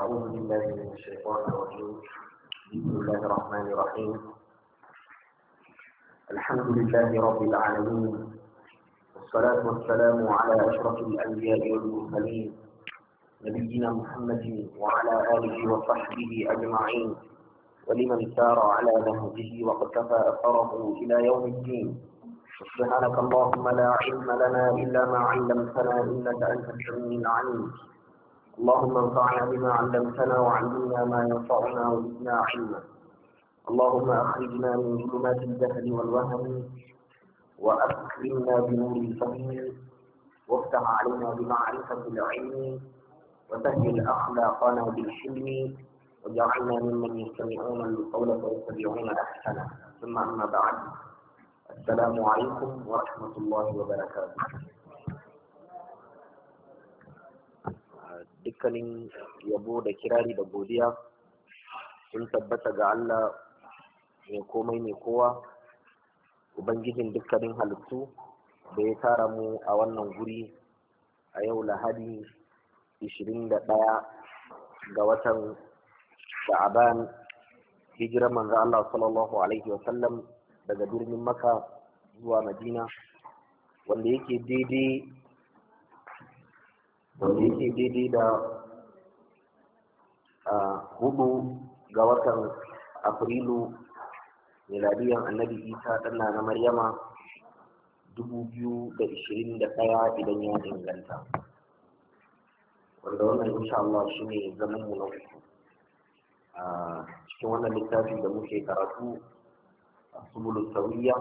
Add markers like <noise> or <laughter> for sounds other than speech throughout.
أعوذ بالله من الشيطان الرجيم بسم الله الرحمن الرحيم الحمد لله رب العالمين والصلاة والسلام على أشرف الأنبياء والمرسلين نبينا محمد وعلى آله وصحبه أجمعين ولمن سار على نهجه واقتفى أثره إلى يوم الدين سبحانك اللهم لا علم لنا إلا ما علمتنا إنك أنت الحليم العليم اللهم انفعنا بما علمتنا وعلمنا ما ينفعنا وزدنا علما اللهم أخرجنا من ظلمات الجهل والوهم وأكرمنا بنور الفهم وافتح علينا بمعرفة العلم وسهل أخلاقنا بالحلم واجعلنا ممن يستمعون القول فيتبعون أحسنه ثم أما بعد السلام عليكم ورحمة الله وبركاته dukkanin yabo da kirari da godiya sun tabbata ga Allah mai komai mai kowa ubangijin dukkanin halittu da ya tara mu a wannan guri a yau lahadi 21 ga watan sha'aban hijiran manzo Allah sallallahu alaihi wasallam daga birnin maka zuwa madina wanda yake daidai wanda yake daidai da hudu ga watan afrilu miladiyan annabi isa ɗanna na maryama dubu biyu da ishirin da ɗaya idan ya inganta wanda wannan insha Allah shi ne zaman mu na uku a cikin wannan littafi da muke karatu a subulu sauriya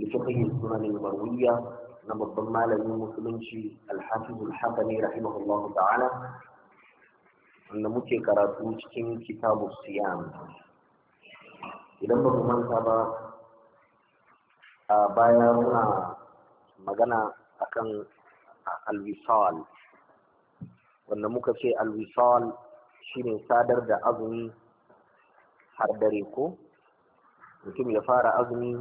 littafin sunanin marwiya na babban malamin musulunci alhafizul hakani rahimahullahu ta'ala wanda muke karatu cikin kitabu siyam idan ba mu manta ba a baya muna magana akan alwisal wanda muka ce alwisal shine sadar da azumi har dare ko mutum ya fara azumi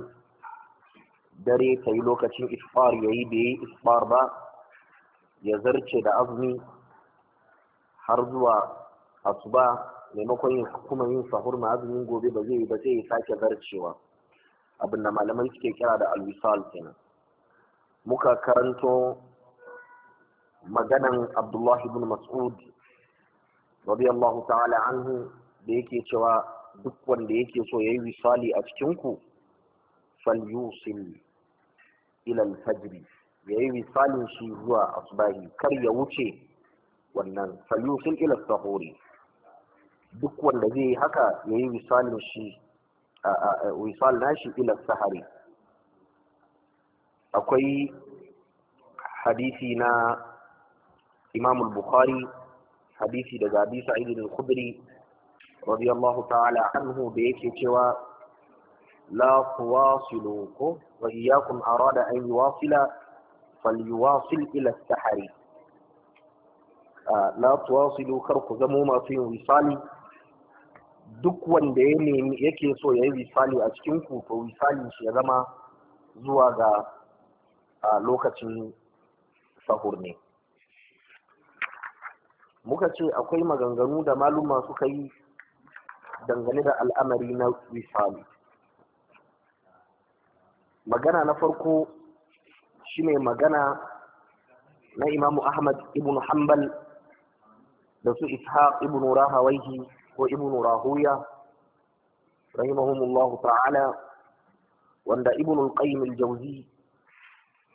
dare ta yi lokacin isfar ya yi bai isfar ba ya zarce da azumi har zuwa asuba maimakon kuma yin sahur ma azumin gobe ba zai yi ba zai sake zarcewa abinda malamai suke kira da alwisal kenan muka karanto maganan abdullahi ibn mas'ud radiyallahu ta'ala anhu da yake cewa duk wanda yake so yayi wisali a cikin ku falyusil ilal al ya yayi misalin shi zuwa asbahi kar ya wuce wannan falyusil ila sahuri duk wanda zai yi haka yayi misalin shi wisal nashi ila sahari akwai hadisi na imam bukhari hadisi daga abi sa'id al-khudri radiyallahu ta'ala anhu da yake cewa la tuwasilu ko wa iyyakum arada an yuwasila falyuwasil ila sahari la tuwasilu kar ku zamo masu yin wisali duk wanda ya nemi yake so ya yi wisali a cikin ku to wisali shi ya zama zuwa ga lokacin sahur ne muka ce akwai maganganu da maluma suka yi dangane da al'amari na wisali magana na farko shine magana na imamu ahmad ibn hanbal da su ishaq ibn rahawaihi ko ibn rahuya rahimahumullahu ta'ala wanda ibn al-qayyim al-jawzi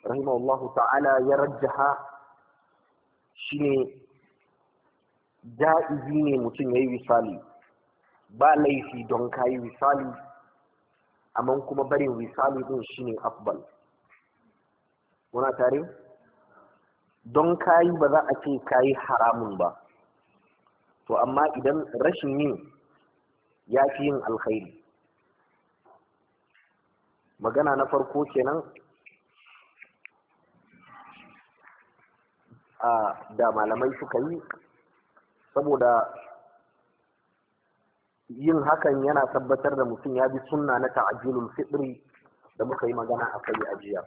rahimahullahu ta'ala ya rajjaha shine ja'izi ne mutum yayi misali ba laifi don kayi misali amma kuma barin misali din shine Afbal, muna tare don kayi ba za a ce kayi haramun ba to amma idan rashin yin ya fi yin alkhairi magana na farko kenan a ah, da malamai suka yi saboda yin hakan yana tabbatar da mutum ya bi sunna na ta'ajilul fitri da muka yi magana a kai a jiya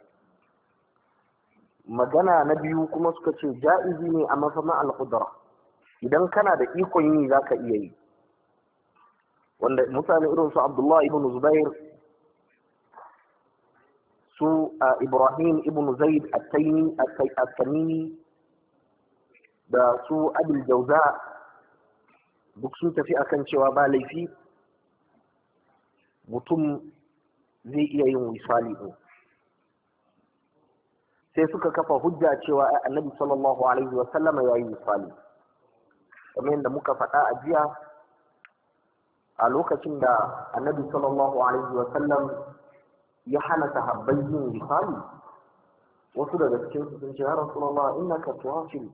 magana na biyu kuma suka ce ja'izi ne a mafama al-qudra idan kana da ikon yi zaka iya yi wanda mutane irin su Abdullah ibn Zubair su Ibrahim ibn Zaid at-Taymi at-Tamimi da su Abil Jawza duk sun tafi akan cewa ba laifi mutum zai iya yin wisali ɗin sai suka kafa hujja cewa annabi sallallahu alaihi wa sallama ya yi wisali kamar yadda muka faɗa a jiya a lokacin da annabi sallallahu alaihi wa sallam ya hana sahabbai yin wisali wasu daga cikin sun ce har ya rasulullah ka tuwasil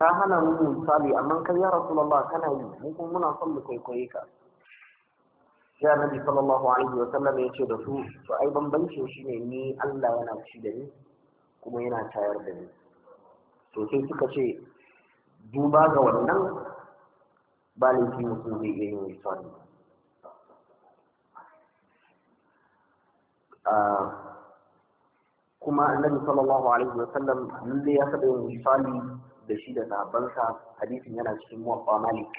ka hana mu misali amma kai ya rasulullah kana yi mu kuma muna son mu kwaikwaye ka ya nabi sallallahu alaihi wa sallam ya ce da su to ai bambancin shi ne ni Allah yana ci da ni kuma yana tayar da ni to sai suka ce duba ga wannan ba ki mutum zai iya yin misali ah, kuma annabi sallallahu alaihi wa sallam lalle ya saba yin misali da shi da sahabbansa hadisin yana cikin muwaffa malik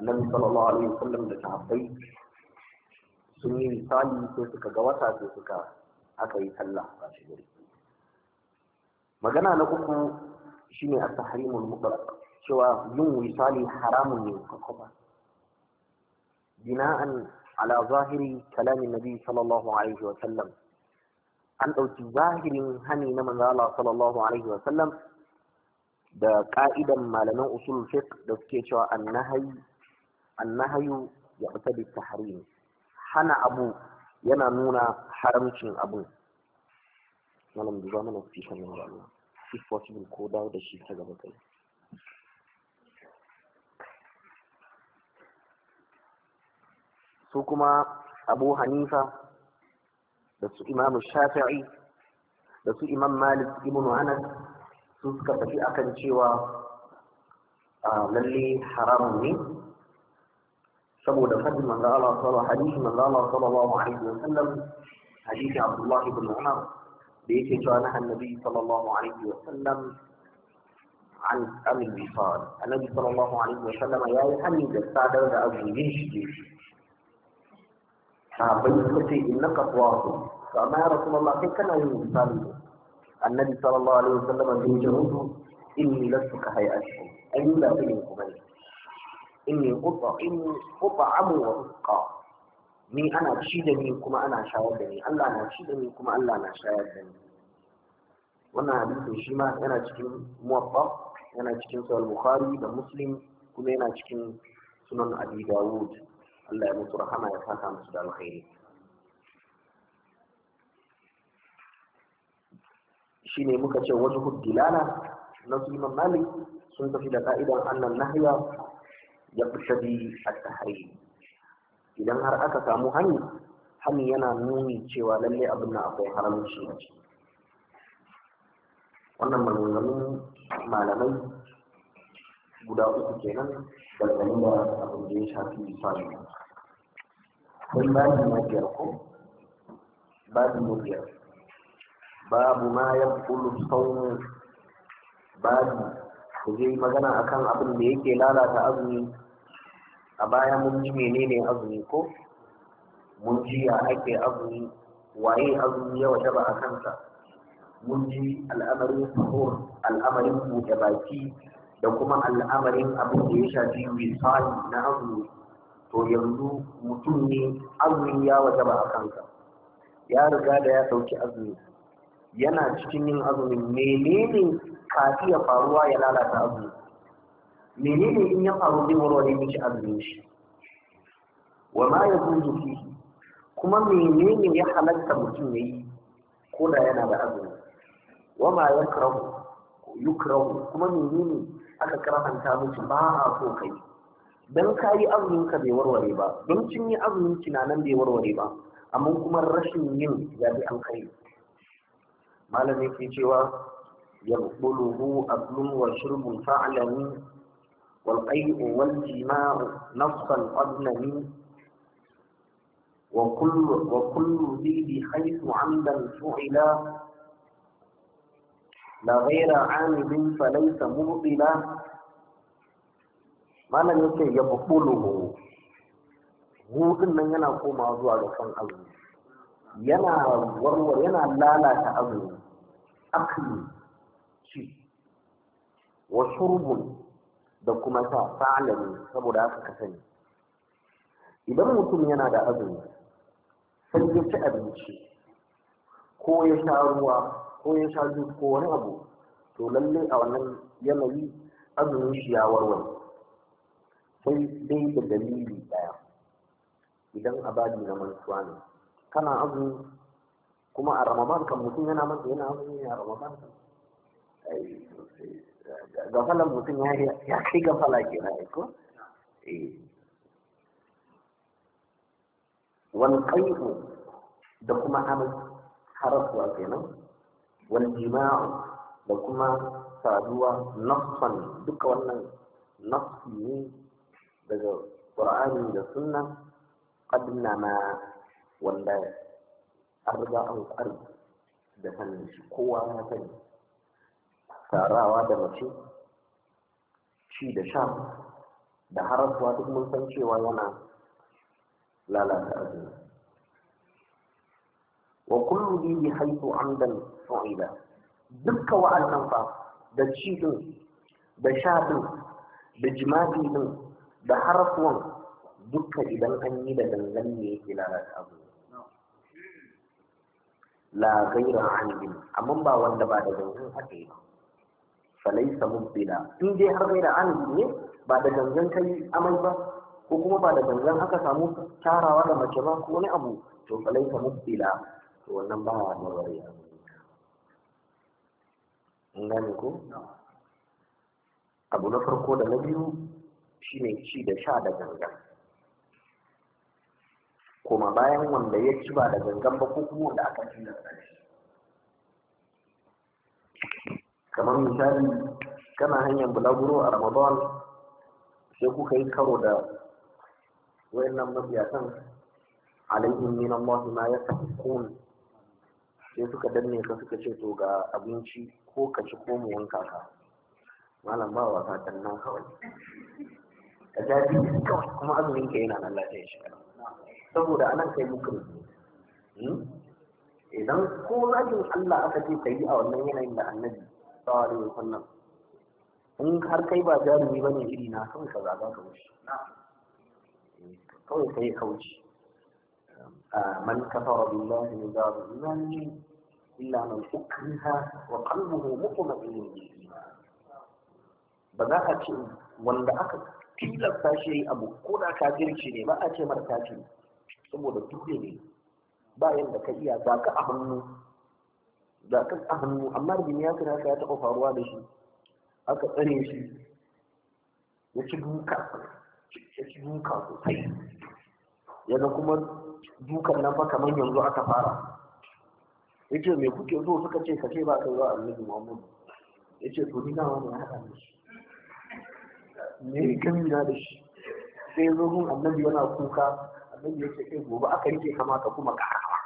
annabi sallallahu alaihi wasallam da sahabbai sun yi misali sai suka ga wata sai suka aka yi sallah ba shi gari magana na uku shine at-tahrimul mutlaq cewa yin misali haramun ne kuma bina'an ala zahiri kalamin nabi sallallahu alaihi wasallam an ɗauki zahirin hani na manzo sallallahu alaihi wasallam da ƙa'idan malaman usul fiqh da suke cewa annahayu annahayu ya fita da tahrim hana abu yana nuna haramcin abu malam duba mana na nan ga Allah if possible ko dawo da shi ta gaba kai su kuma abu hanifa da su imamu shafi'i da su imam malik ibn anas su suka tafi akan cewa lalle haramun ne saboda fadin manzo Allah sallallahu alaihi manzo Allah sallallahu alaihi wa sallam hadisi Abdullah ibn Umar da yake cewa na annabi sallallahu alaihi wa sallam an amil bisal annabi sallallahu alaihi wa sallam ya yi hani da sadar da abu ne shi sahabbai suka ce innaka tawafu ma ya rasulullah kai kana yin misali annabi sallallahu alaihi wasallam bai ce musu inni lastu ka hayatikum ai ni ba irin ku bane inni qut'amu amu wa usqa ni ana ci da ni kuma ana shawar da ni Allah na ci da ni kuma Allah na shayar da ni wannan hadisin shi ma yana cikin muwaffaq yana cikin sahih bukhari da muslim kuma yana cikin sunan abi dawud Allah ya mutu rahama ya saka musu da alkhairi shine muka ce wajen hudilana na su imam malik sun tafi da ka'idan annan nahiya ya kushadi a tahari idan har aka samu hani hani yana nuni cewa lalle abin na akwai haramci a ciki wannan maganganun malamai guda uku kenan dangane da abin da ya shafi misali akwai babi na biyar ko babu ma ya kulu saunin babu ku zai magana akan abin da yake lalata azumi a baya mun ji menene azumi ko mun ji ya ake azumi waye azumi ya ba a kansa mun ji al'amarin sahur al'amarin buɗe baki da kuma al'amarin abin da ya shafi misali na azumi to yanzu mutum ne azumi ya wajaba a kansa ya riga da ya ɗauki azumi yana cikin yin azumin menene ka iya faruwa ya lalata azumi menene in ya faru zai warware miki azumin shi wa ma ya zuzu fihi kuma menene ya halatta mutum ya yi ko da yana da azumi wa ma ya karahu yukrahu kuma menene aka karanta miki ba a so kai dan kayi azumin ka bai warware ba don cin yi azumin kina nan bai warware ba amma kuma rashin yin ya bi an kai malami ke cewa ya yaquluhu aklun wa shurbun fa'alami wal qai'u wal jima'u nafsan qadlami wa kullu wa kullu bi bi haythu 'amdan fu'ila la ghayra 'amilin falaysa mubtila malamin ke bulu hu din nan yana komawa zuwa ga kan Allah yana warwar yana lalata azumi akli ci wa shurbun da kuma sa fa'alani saboda haka ka sani idan mutum yana da azumi sai ya ci abinci ko ya sha ruwa ko ya sha jus ko wani abu to lallai a wannan yanayi azumin shi ya warware sai dai da dalili daya idan abadi na mantuwa ne kana azumi kuma a ramadan kan mutum yana manta yana azumi a ramadan kan gafalan mutum ya ya kai gafala ke na ko wani ƙaiƙo da kuma amai harasuwa kenan wani jima'u da kuma saduwa nafsan duka wannan nafsi ne daga ƙur'ani da sunna قد ما wanda an riga an da sanin shi kowa ya sani tarawa da mace ci da sha da harafuwa duk mun san cewa yana lalata arziki wa kullu bihi haitu amdan su'ida dukkan wa'annan fa da ci da sha din da jima'i din da harafuwan duka idan an yi da dangane ne yake lalata arziki la gaira anibin amma ba wanda ba da gangan aka yi ba falaisa mubbila in dai har gaira anibin ne ba da gangan kai amai ba ko kuma ba da gangan aka samu tarawa da mace ba ko wani abu to falaisa Mubila to wannan ba wa nawari in gane ko abu na farko da na biyu shine ci da sha da gangan koma bayan wanda ya ci ba da gangan ba ko kuma wanda aka tilasta shi kamar misali kana hanyar bulaguro a ramadan sai kuka yi karo da wayannan mabiyatan alaihim min Allah ma yasakun sai suka danne ka suka ce to ga abinci ko ka ci ko mu wanka ka malam ba wasa nan kawai ka ja biyu kawai kuma azumin ka yana nan lafiya shi saboda anan kai mukin hmm? idan ko rajin Allah aka ce ka yi a wannan yanayin da annabi da alaihi nan, in har kai ba jarumi ba ne iri na kawai ka zaga ka wuce kawai kai ka wuce man kafara billahi za su imani illa man ukriha wa qalbuhu mutma'innun bil iman ba za a ce wanda aka ta shi yi abu ko da kafirci ne ba a ce mara kafiri saboda dole ne ba yadda ka iya ga ka a hannu ka a hannu amma da ya kira ka ya taɓa faruwa da shi aka tsare shi ya ci duka ya ci duka sosai yana kuma dukan nan fa kamar yanzu aka fara yace me kuke so suka ce ka ce ba ka kai wa annabi Muhammad yace to ni na wani ya haɗa da shi me gamina da shi sai ya zo gun annabi yana kuka annabi yake kai eh, gobe aka rike kama ka kuma ka haka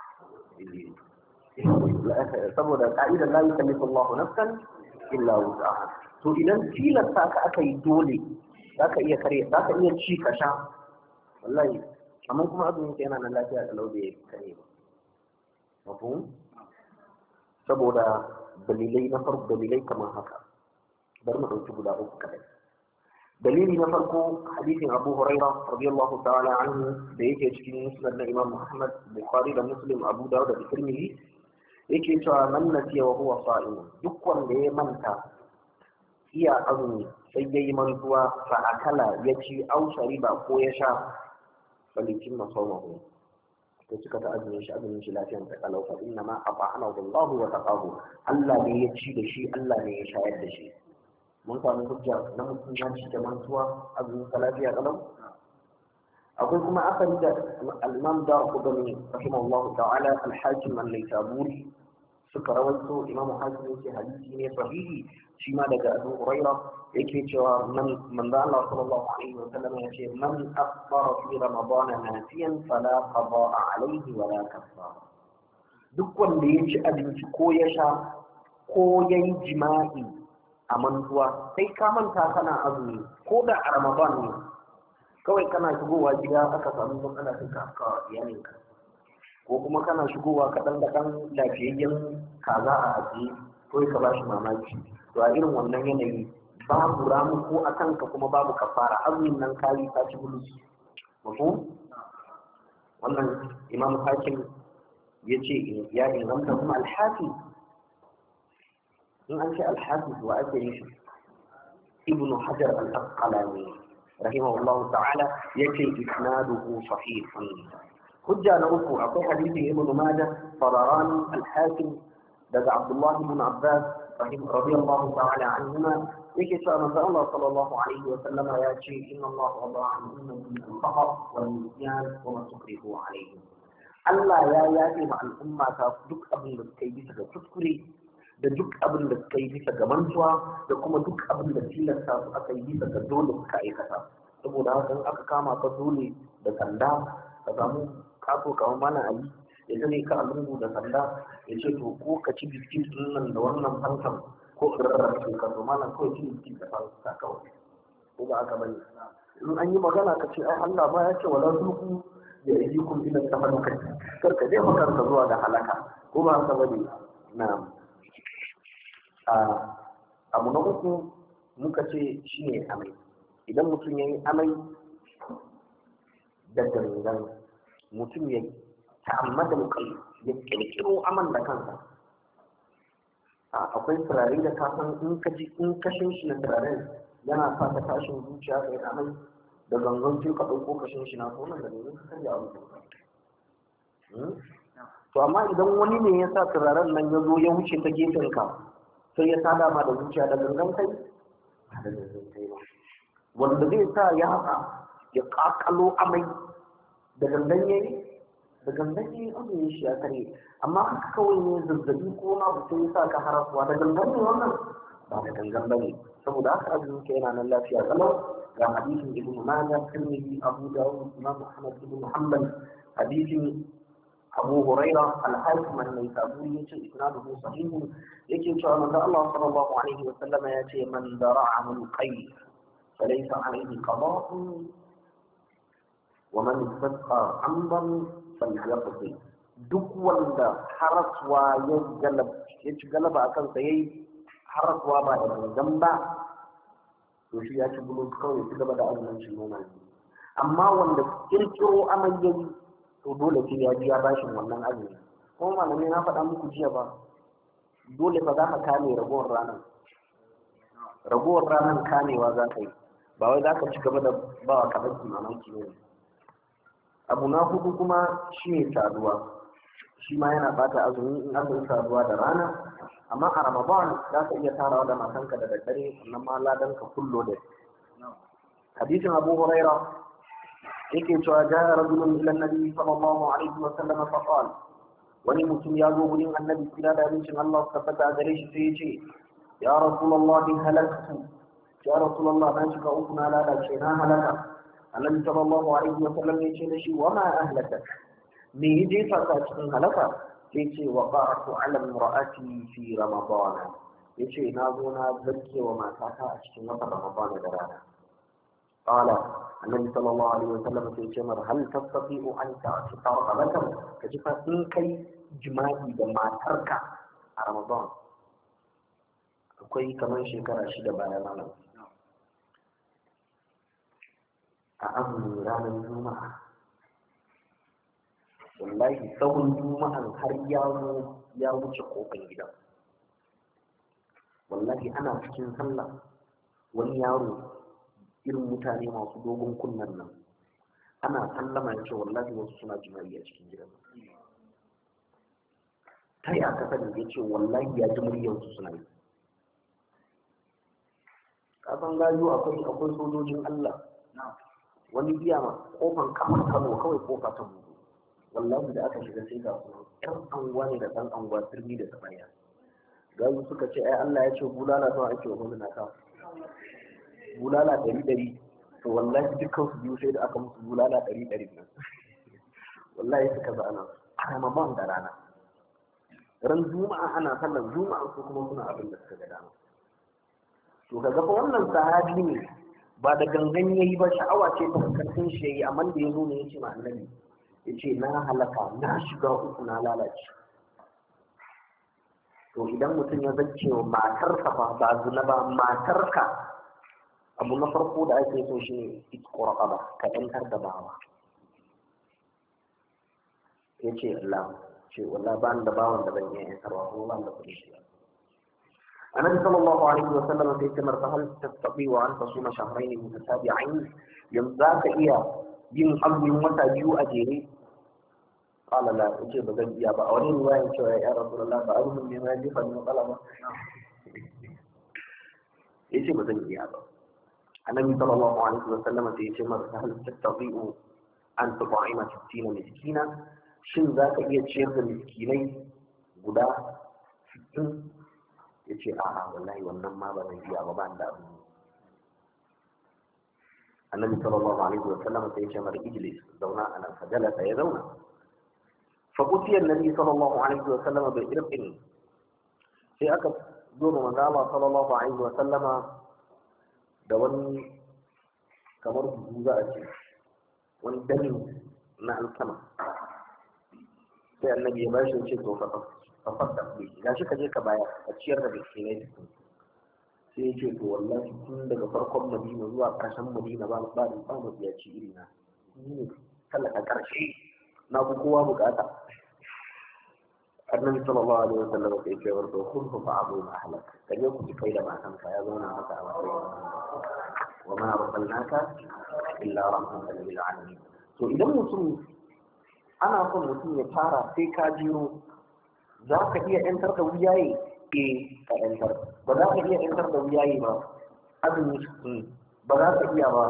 saboda ka'idar la yukallifu Allahu nafsan illa wus'aha to idan tilasta ka aka yi dole zaka iya kare zaka iya ci ka sha wallahi amma kuma azumin ka yana nan lafiya da laube kare ba mafhum saboda dalilai na farko dalilai kamar haka bar mu dauki guda uku kadai dalili na farko hadisin abu huraira radiyallahu ta'ala anhu da yake cikin musnad na imam muhammad bukhari da muslim abu dawud da tirmidhi yake cewa man nasiya wa huwa sa'im duk wanda ya manta iya azumi sai yayi mantuwa fa akala ya ci au shariba ko ya sha falikin masawmahu to suka ta azumin shi azumin shi lafiyan ta kalau fa inna ma ata'ana Allah wa taqahu Allah ne ya ci da shi Allah ne ya shayar da shi mun samu hujja na musulunci da mantuwa azumin salafiya kalau akwai kuma asali da al-imam da qudani rahimahullahu ta'ala al-hakim an-naisaburi suka rawaito imam hakim yake hadisi ne sahihi shi ma daga abu huraira yake cewa man manzo Allah sallallahu alaihi wa sallam ya ce man afṭara fi ramadan nafiyan fala qada'a alaihi wa la kaffara duk wanda ya ci abinci ko ya sha ko yayi jima'i a mantuwa sai ka manta kana azumi ko da a ramadan ne kawai kana shigowa gida aka samu sun ana sai ka afka iyalinka ko kuma kana shigowa kaɗan da ɗan lafiyayyen kaza a ajiye kawai ka bashi mamaki to a irin wannan yanayi babu ramu ko a kanka kuma babu kafara azumin nan kayi ta ci bulu wannan imam hakim ya ce ya inganta kuma alhafi من أنشاء الحافظ وأسريش ابن حجر الأسقلاني رحمه الله تعالى يكي إسناده صحيح خجى نوفو أعطي حديثه ابن ماجة فضران الحاكم لدى عبد الله بن عباس رضي الله تعالى عنهما يكي إيه شاء الله صلى الله عليه وسلم يا شيء إن الله وضع عن من الفقر والنسيان وما تقره عليه ألا يا ياتي مع الأمة تصدق أبن مسكي بسك تذكري da duk abin da suka yi bisa ga mantuwa da kuma duk abin da tilasta su aka yi bisa ga dole suka aikata saboda haka in aka kama ka dole da sanda ka samu kaso kamar mana ali ya zane ka a lungu da sanda ya ce to ko ka ci biskit din nan da wannan fansan ko rarrafe ka to mana kawai ci biskit da fansa kawai ko ba aka bane in an yi magana ka ce ai Allah ba ya ce wala sulku ya yi kun ila kai, kar ka je makaranta zuwa da halaka ko ba aka bane na'am abu na uku muka ce shi ne amai idan mutum ya yi amai da gangan mutum ya da mukai ya kirkiro aman da kansa akwai turare da kafin in ka ji in kashin shi na turaren yana sa ta tashin zuciya kai amai da gangan ce ka ɗauko kashin shi na tonan da nemi ka karya abu hmm? to amma idan wani ne ya sa turaren nan ya zo ya wuce ta gefen ka sai ya sada ma da zuciya da gangan kai ba da gangan kai ba wanda zai sa ya haka ya kakalo amai da gangan yi da gangan abin ya shi ya kare amma haka kawai ne zazzabi ko na sai ya sa ka harafuwa da gangan ne wannan ba da gangan ba ne saboda haka abin ka yana nan lafiya kalau ga hadisin ibnu majah tirmidhi abu dawud imam muhammad ibn muhammad hadisin abu huraira al-hakim an-naisaburi yace isnaduhu sahih yake cewa manzo Allah sallallahu alaihi wa sallama yace man dara'a min qayl laysa alayhi qada'u wa man sadqa amdan falyaqdi duk wanda haraswa ya galab ya ci galaba a kansa yayi haraswa ba da gangan ba to shi ya ci bulu kawai ci gaba da azumin shi ne, amma wanda kirkiro amai yayi to dole sai ya biya bashin wannan azumi kuma malamai na faɗa muku jiya ba dole ba za ka kame ragowar ranar ragowar ranar kamewa za ka yi ba wai za ka ci gaba da ba wa kamar ne abu na hudu kuma shi ne saduwa shi ma yana bata azumi in aka yi saduwa da rana amma a ramadan za ka iya tarawa da matanka da daddare sannan ma ladan ka kullo da hadisin abu huraira yake cewa ja'a rajulun ila annabi sallallahu alaihi wa sallam fa qala wani mutum ya zo gurin annabi kira da abincin Allah ka fata gare shi sai ya ce ya rasulullahi halaktu ya rasulullah na shiga uku na lalace na halaka annabi sallallahu alaihi wa sallam ya ce da shi wa ma ahlaka me ya jefa ka cikin halaka sai ce wa qara'tu ala imra'ati fi ramadana yace na zo na zarke wa matata a cikin watan ramadana da rana qala annabi sallallahu alaihi wasallam sai ce mar hal tastati'u jima'i da matarka a ramadan akwai kamar shekara shida bayan juma'a wallahi tsawon juma'an har ya wuce kofin gidan wallahi ana cikin sallah wani yaro irin mutane masu dogon kunnan nan ana sallama ya ce wallahi wasu suna jima'i a cikin gidan ta yi aka sani ya ce wallahi ya ji muryarsu suna yi kasan gajiyo akwai akwai sojojin Allah wani biya ma kofan kamar kano kawai kofa ta buɗe wallahi da aka shiga sai ga kuma ɗan anguwa ne da ɗan anguwa birni da sabaya gayu suka ce ai Allah ya ce bulala zuwa ake wa gwamnati bulala ɗari ɗari to wallahi dukkan su biyu sai da aka musu bulala ɗari ɗari nan <laughs> wallahi suka zana ana mamman da rana ran juma'a ana sallar juma'a su kuma suna abin da suka ga dama to kaga fa wannan sahabi ne ba da gangan yayi ba sha'awa ce ta karfin shi yayi amma da yazo ne yace ma annabi yace na halaka na shiga uku na lalace to idan mutum ya zance wa matarka ba ba zuna ba matarka abu na farko da ake so shi ne itko raqaba ka yantar da bawa ya ce Allah ce walla ba da bawan da ban iya yantarwa ko ba da kuɗi shi النبي صلى الله عليه وسلم في كمر فهل تستطيع أن تصوم شهرين متتابعين يمزاك إيا yin azumin wata biyu a jere kala la ce ba zan iya ba a wani ruwayan cewa ya rasu Allah ba azumin ne ma jefa ne matsala ba ya ce ba zan iya ba النبي صلى الله عليه وسلم في جمع هل تستطيع أن تطعم ستين مسكينا شن ذاك هي شيخ مسكيني غدا ستين يجي آه والله والنما بنا يجي أغبان دابن النبي صلى الله عليه وسلم في جمع إجلس دونا أنا فجلس يدونا فقلت النبي صلى الله عليه وسلم بإرب إني في أكب دون من صلى الله عليه وسلم da wani kamar buhu za a ce wani dani na alkama sai annabi ya bashi ce to fa kafar da ku ga shi ka je ka baya a ciyar da gaske ne sai ya ce to wallahi tun daga farkon madina zuwa ƙarshen madina ba ba ba mu biya ci iri na ni ne talaka ƙarshe na ku kowa bukata annabi sallallahu alaihi wasallam sai ce warto kun fa abu ahlak kan yau ku kai da matan ka ya zauna maka a matsayin wa ma arsalnaka illa rahmatan lil alamin to idan mutum ana son mutum ya fara sai ka jiro za ka iya yantar da wuyaye e eh, ka yantar ba za ka iya yantar da wuyaye ba azumi hmm, ba za ka iya ba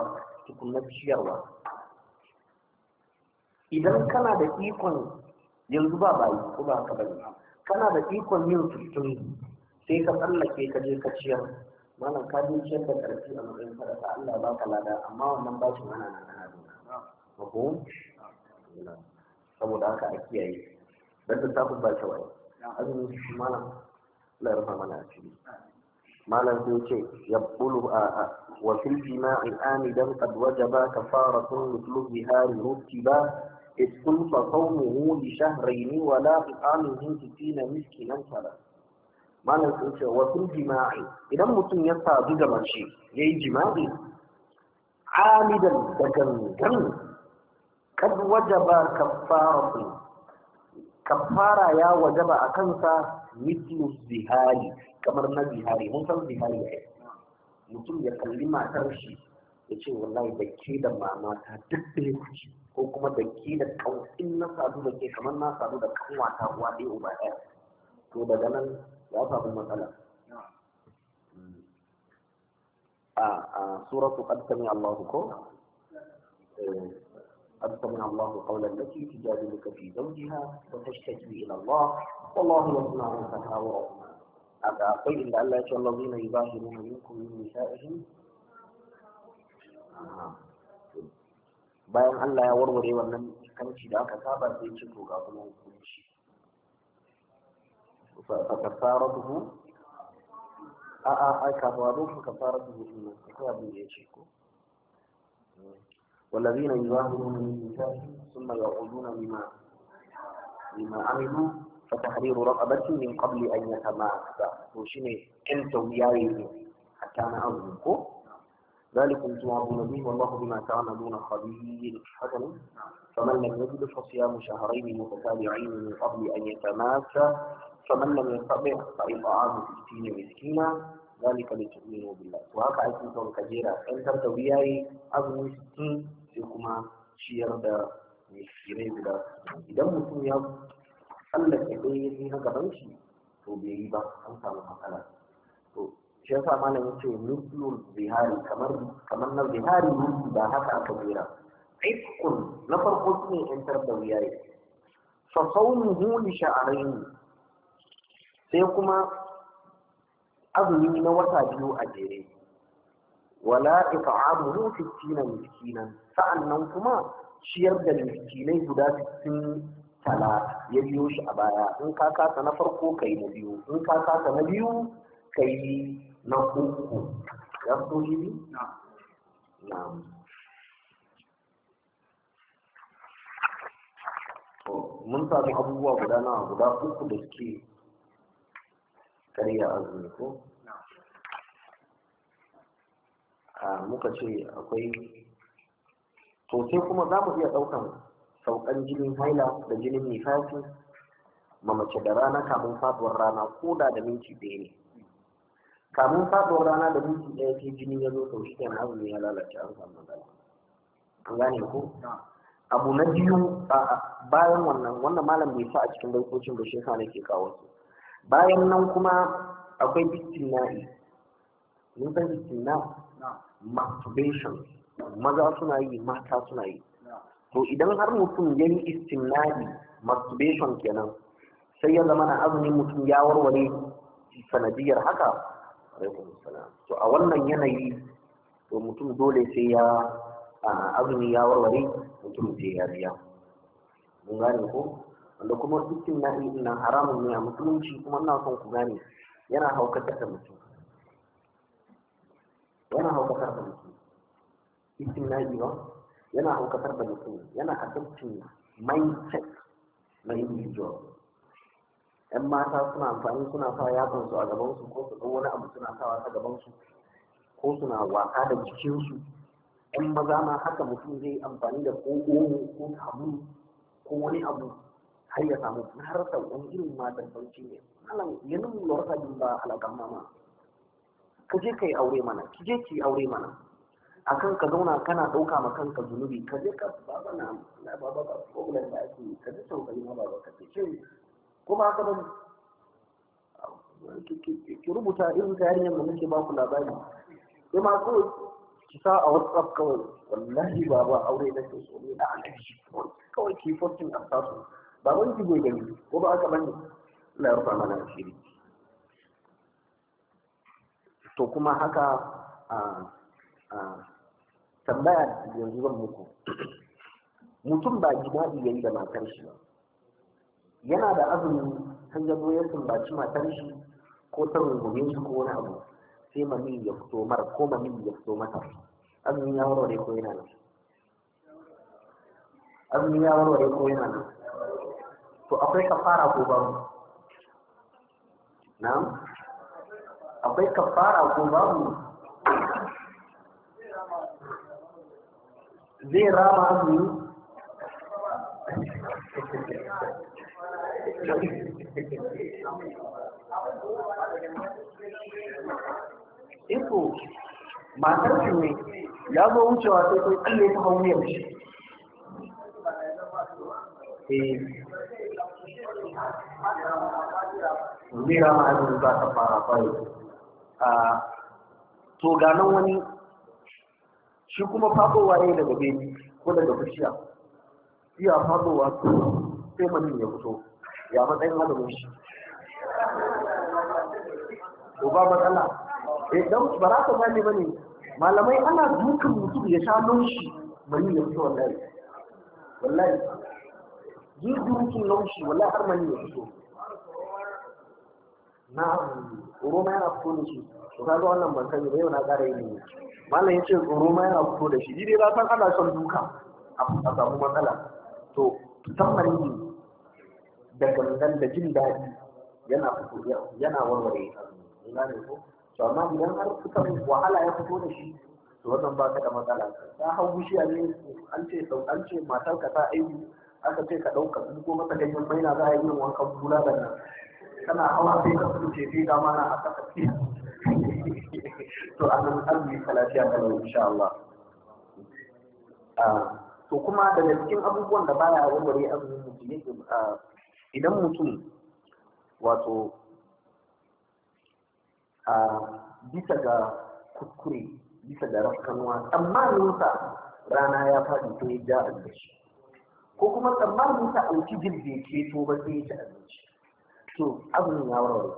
tukunna ciyarwa idan kana da ikon yanzu ba bayi ko ba haka bane kana da ikon yin fitun sai ka tsallake ka je ka ciyar malam ka je ciyar da karfi a matsayin sadaka Allah ba ka lada amma wannan bashin ana nan ana ba ko saboda haka a kiyaye dan da tafin ba ta waye azumin malam Allah ya rufa mana asiri malam sai ce ya bulu a wa fil jima'i amidan qad wajaba kafaratun mithlu rufi rutiba iskun fa sawmuhu li shahrayn wa la ta'amuhu sittina miskinan fala malam sun ce wa jima'i idan mutum ya sadu da mace yayi jima'i amidan da gangan kad wajaba kaffaratu kaffara ya wajaba a kansa mislu zihari kamar na zihari mun san zihari ya mutum ya kalli matar shi ya ce wallahi da ke da mama ta ko kuma da ke da kautsin na sadu da ke kamar na sadu da kanwa ta uwa ɗaya uba ɗaya to daga nan ya samu matsala a a suratu qad sami allahu ko eh, qad sami allahu qawla allati tujadiluka fi zawjiha wa tashtaki ila allah wallahu yasma'u tahawurakum aga akwai inda allah ya ce na yi ba shi wallahu yana yubahiruna minkum min nisa'ihim ah. bayan Allah ya warware wannan kanci da aka saba sai ce to ga kuma hukunci fa kafaratuhu a a a kafaratuhu kafaratuhu ne akwai abin da ya ko والذين يظاهرون من نسائهم ثم يعودون لما لما عملوا فتحرير رقبة من قبل أن يتماسا وشنو أنت وياي حتى أنا أظنكم ذلكم توعدون به والله بما تعملون خبير حسنا فمن لم يجد فصيام شهرين متتابعين من قبل أن يتماسى فمن لم يستطع فإطعام ستين مسكينا ذلك لتؤمنوا بالله وهكا أيضا كون ان أن ترتوياي أبو ستين سيكما شير دا مسكيني بلا إذا مسكين يا ان ya bayyana gaban shi to bai yi ba shi yasa mana yace mislul zihari kamar kamar na zihari ba haka aka jira ifkun na farko shine yantar da wuyaye fa sawmuhu li sha'rayn sai kuma azumi na wata biyu a jere wala it'amuhu sittina Sa'an sa'annan kuma ciyar da miskinai guda sittin tala ya biyo shi a baya in ka kasa na farko kai na biyu in ka kasa na biyu kai na uku ya so shi na mun sami abubuwa guda na guda uku da suke karya azumi ko muka ce akwai to sai kuma za mu iya ɗaukan saukan jinin haila da jinin nifafi mamace da rana kamun faduwar rana ko da da minti ɗaya ne kamun faɗuwar rana da mutu ɗaya sai jini ya zo sau shi kenan ne ya lalace an samu matsala an gane ko abu na biyu bayan wannan wannan malam bai sa a cikin baikocin da shekara ne ke kawo su bayan nan kuma akwai istina'i mun san istina masturbation maza suna yi mata suna yi to idan har mutum ya yi istina'i masturbation kenan sai ya zama na azumin mutum ya warware sanadiyar haka alaikum salam to a wannan yanayi to mutum dole sai ya azumi ya warware mutum sai ya riya mun gane ko wanda kuma dukkan na ina haramun ne a musulunci kuma ina son ku gane yana haukatar da mutum yana haukatar da mutum istin na ba yana haukatar da mutum yana mai mindset na individual 'yan mata suna amfani suna sa yatsansu a gabansu ko su wani abu suna sawa a gabansu ko suna wasa da jikinsu 'yan maza ma haka mutum zai amfani da ko omo ko tabu ko wani abu har ya samu na rasa wani irin matan bauchi ne malam yanin lorta din ba alaƙar mama ka je ka yi aure mana ki je ki aure mana akan ka zauna kana ɗauka ma kanka zunubi ka je ka baba na baba ba problem ba ake ka ji tausayi ma baba ka ce kuma haka bane ki rubuta irin ta da muke ba ku labari sai ma kawai ki sa a whatsapp kawai wallahi baba aure na ke so ne da an shi kawai ki fotin a sasu ba wani ki goyi gani ko ba haka bane Allah ya rufa mana shiri. to kuma haka a tambaya yanzu zan muku mutum ba jima'i yayi da matar shi ba yana da azumi sai ya zo ya sumbaci matar shi ko ta rungume shi ko wani abu sai mami ya fito mar ko mami ya fito mata Azumi ya warware ko yana nan azumi ya warware ko yana nan to akwai kafara ko babu na'am akwai kafara ko babu zai rama azumi iko matar shi ne ya zo wucewa sai kai kalle ta hau wuyan shi eh zira ma yi za ka fara fari a ah, to ganin wani shi kuma fadowa ne daga bebi ko daga bishiya iya fadowa sai mani ya fito ya matsayin malamin shi ko ba matsala eh dan ba za ka gane ne. malamai ana dukan mutum ya sha laushi mai ya fito wallahi wallahi yi dukan laushi wallahi har mani ya fito na tsoro ma yana fito da shi to ka ga wannan ban sani ba yau na ƙara yin ne malam yace tsoro ma yana fito da shi ni dai san ana son duka a samu matsala to tambarin da gangan da jin daɗi yana fito yana warware ina ne ko to amma idan har suka wahala ya fito da shi to wannan ba ka da matsala ta hau bishiya ne an ce an ce matar ka ta aiki aka ce ka ɗauka ko mata ganyen maina za a yi yin wankan bula da nan kana hawa sai ka fito ce sai ga mana a kasa <laughs> to a nan arziki lafiya kalau insha Allah ah, to kuma daga cikin abubuwan da baya warware azumin mutum yake ah, idan mutum wato a bisa ga kuskure bisa ga rafkanuwa tsammaninsa rana ya faɗi ko ya ja abinci ko kuma tsammaninsa alfijir bai keto ba sai ya ci abinci to abin ya warware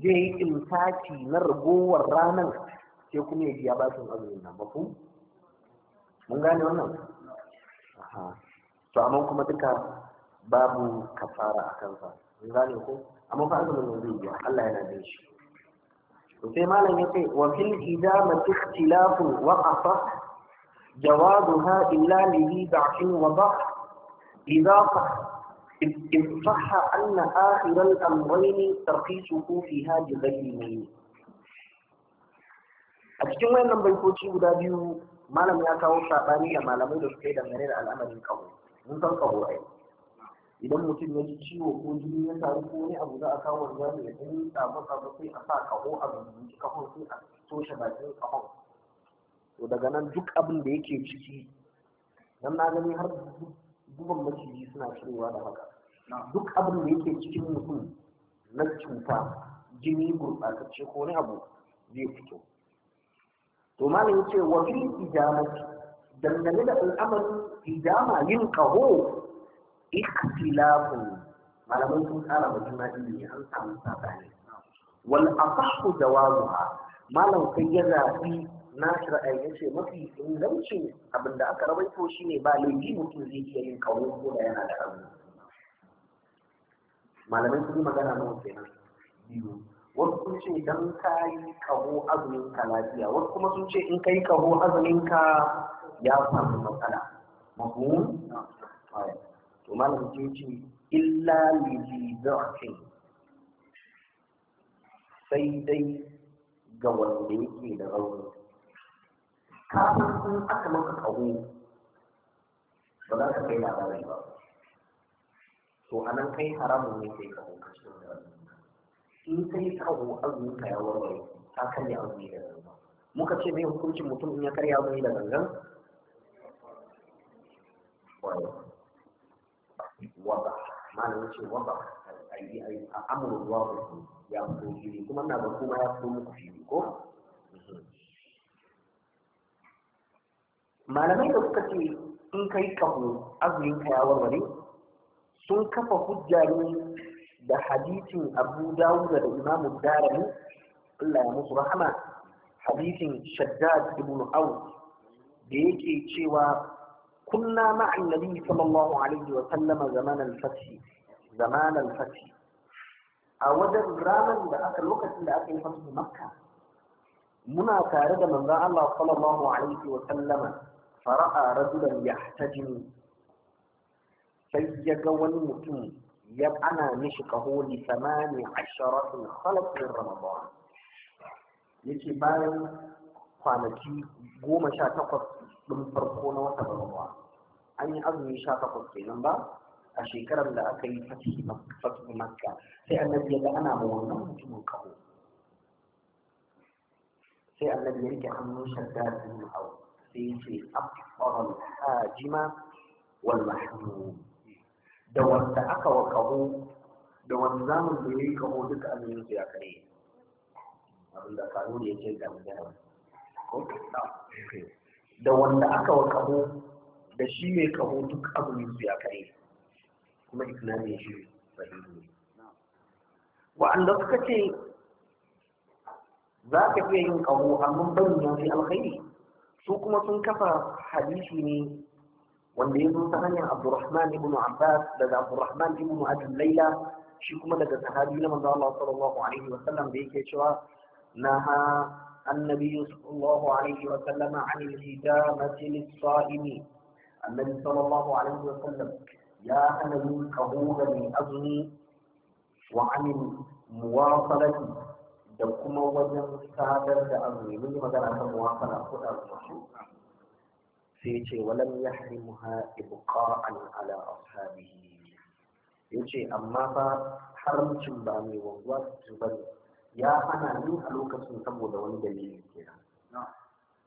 zai yi imsaki na ragowar ranar sai kuma ya biya bashin azumin nan ba ku mun gane wannan to amma kuma duka babu kafara a kansa gane ko amma fa azumin nan zai biya Allah yana da shi to sai malam yace wa fil idama ikhtilafu wa qasa jawabuha illa lihi da'in wa dhah idha in saha anna صح أن آخر الأمرين ترخيصه فيها بغيره a cikin wayannan baitoci guda biyu malam ya kawo sabani ga malamai da suka yi dangane da al'amarin kawo mun san kawo ai idan mutum ya ji ciwo ko jini ya taru ko wani abu za a kawo wanda ya ɗan tsafa tsafa sai a sa kaho a zuzuci kafin sai a toshe bakin kaho. to daga nan duk abin da yake ciki nan na gani har duban maciji suna cirewa da haka duk abin da yake cikin mutum na cuta jini gurɓatacce ko wani abu zai fito to malam ya ce wa fil ijamati dangane da al'amarin ijama yin kaho ikhtilafun malamai sun kara wa juna ilimi an samu sabani wal asahu jawabuha malam sai ya zabi na ya ce mafi ingancin abinda aka rawaito ne, ba laifi mutum zai iya yin kawo ko da yana da abu malamai sun yi magana nawa kenan biyu wasu sun ce dan ka yi kaho azumin ka lafiya wasu kuma sun ce in yi kaho azumin ka ya samu matsala yi? to malam sai ce illa li zafin sai dai ga wanda yake da rauni kafin sun aka maka kawo ba za ka kai labarai ba to a nan kai haramun ne kai kaho ka cikin da in kai kaho azumin ka ya warware ka karya azumi da gangan muka ce mai hukuncin mutum in ya karya azumi da gangan mana ya ce wata a amurin waba ya fito fili kuma na ga kuma ya fito muku fili ko malamai da suka ce in kai kafu azumin ka ya warware sun kafa hujja ne da hadisin abu dawuda da imamu darani allah ya musu rahama hadisin shaddad ibn awd da yake cewa كنا مع النبي صلى الله عليه وسلم زمان الفتح زمان الفتح أودا راما لأك الوقت لأك الفتح مكة منا تارد من ذا الله صلى الله عليه وسلم فرأى رجلا يحتجم سيجا ونمتم يبعنا نشقه لثمان عشرة خلق من رمضان yake bayan kwanaki goma sha takwas ɗin farko na wata ramadan an yi azumi sha takwas kenan ba a shekarar da aka yi fatihu makka sai annabi ya ga ana ma wannan mutumin kaho sai annabi ya rike hannun shadda da yin hau sai ya ce afqaral hajima wal mahmud da wanda aka wa kaho da wanda zamun da yayi kaho duka azumin su ya kare abinda kanuni ya ce ga magana ko da wanda aka wa kaho da shi mai kaho duk abin su ya kare kuma islamin shi sahihi ne wa'anda suka ce za ka iya yin kaho amma bani ya fi alkhairi su kuma sun kafa hadisi ne wanda ya zo ta hanyar abdurrahman ibn abbas daga abdurrahman ibn abin laila shi kuma daga sahabi na manzo Allah sallallahu alaihi wa sallam da yake cewa naha النبي صلى الله عليه وسلم عن الهدامة للصائمين النبي صلى الله عليه وسلم يا النبي قبول من أذني وعن المواصلة دكما وجن سادر لأذني من مدر المواصلة قد في شيء ولم يحرمها إبقاء على أصحابه يجي أما حرمت بامي وغوات بني ya hana ni a lokacin saboda wani dalili kenan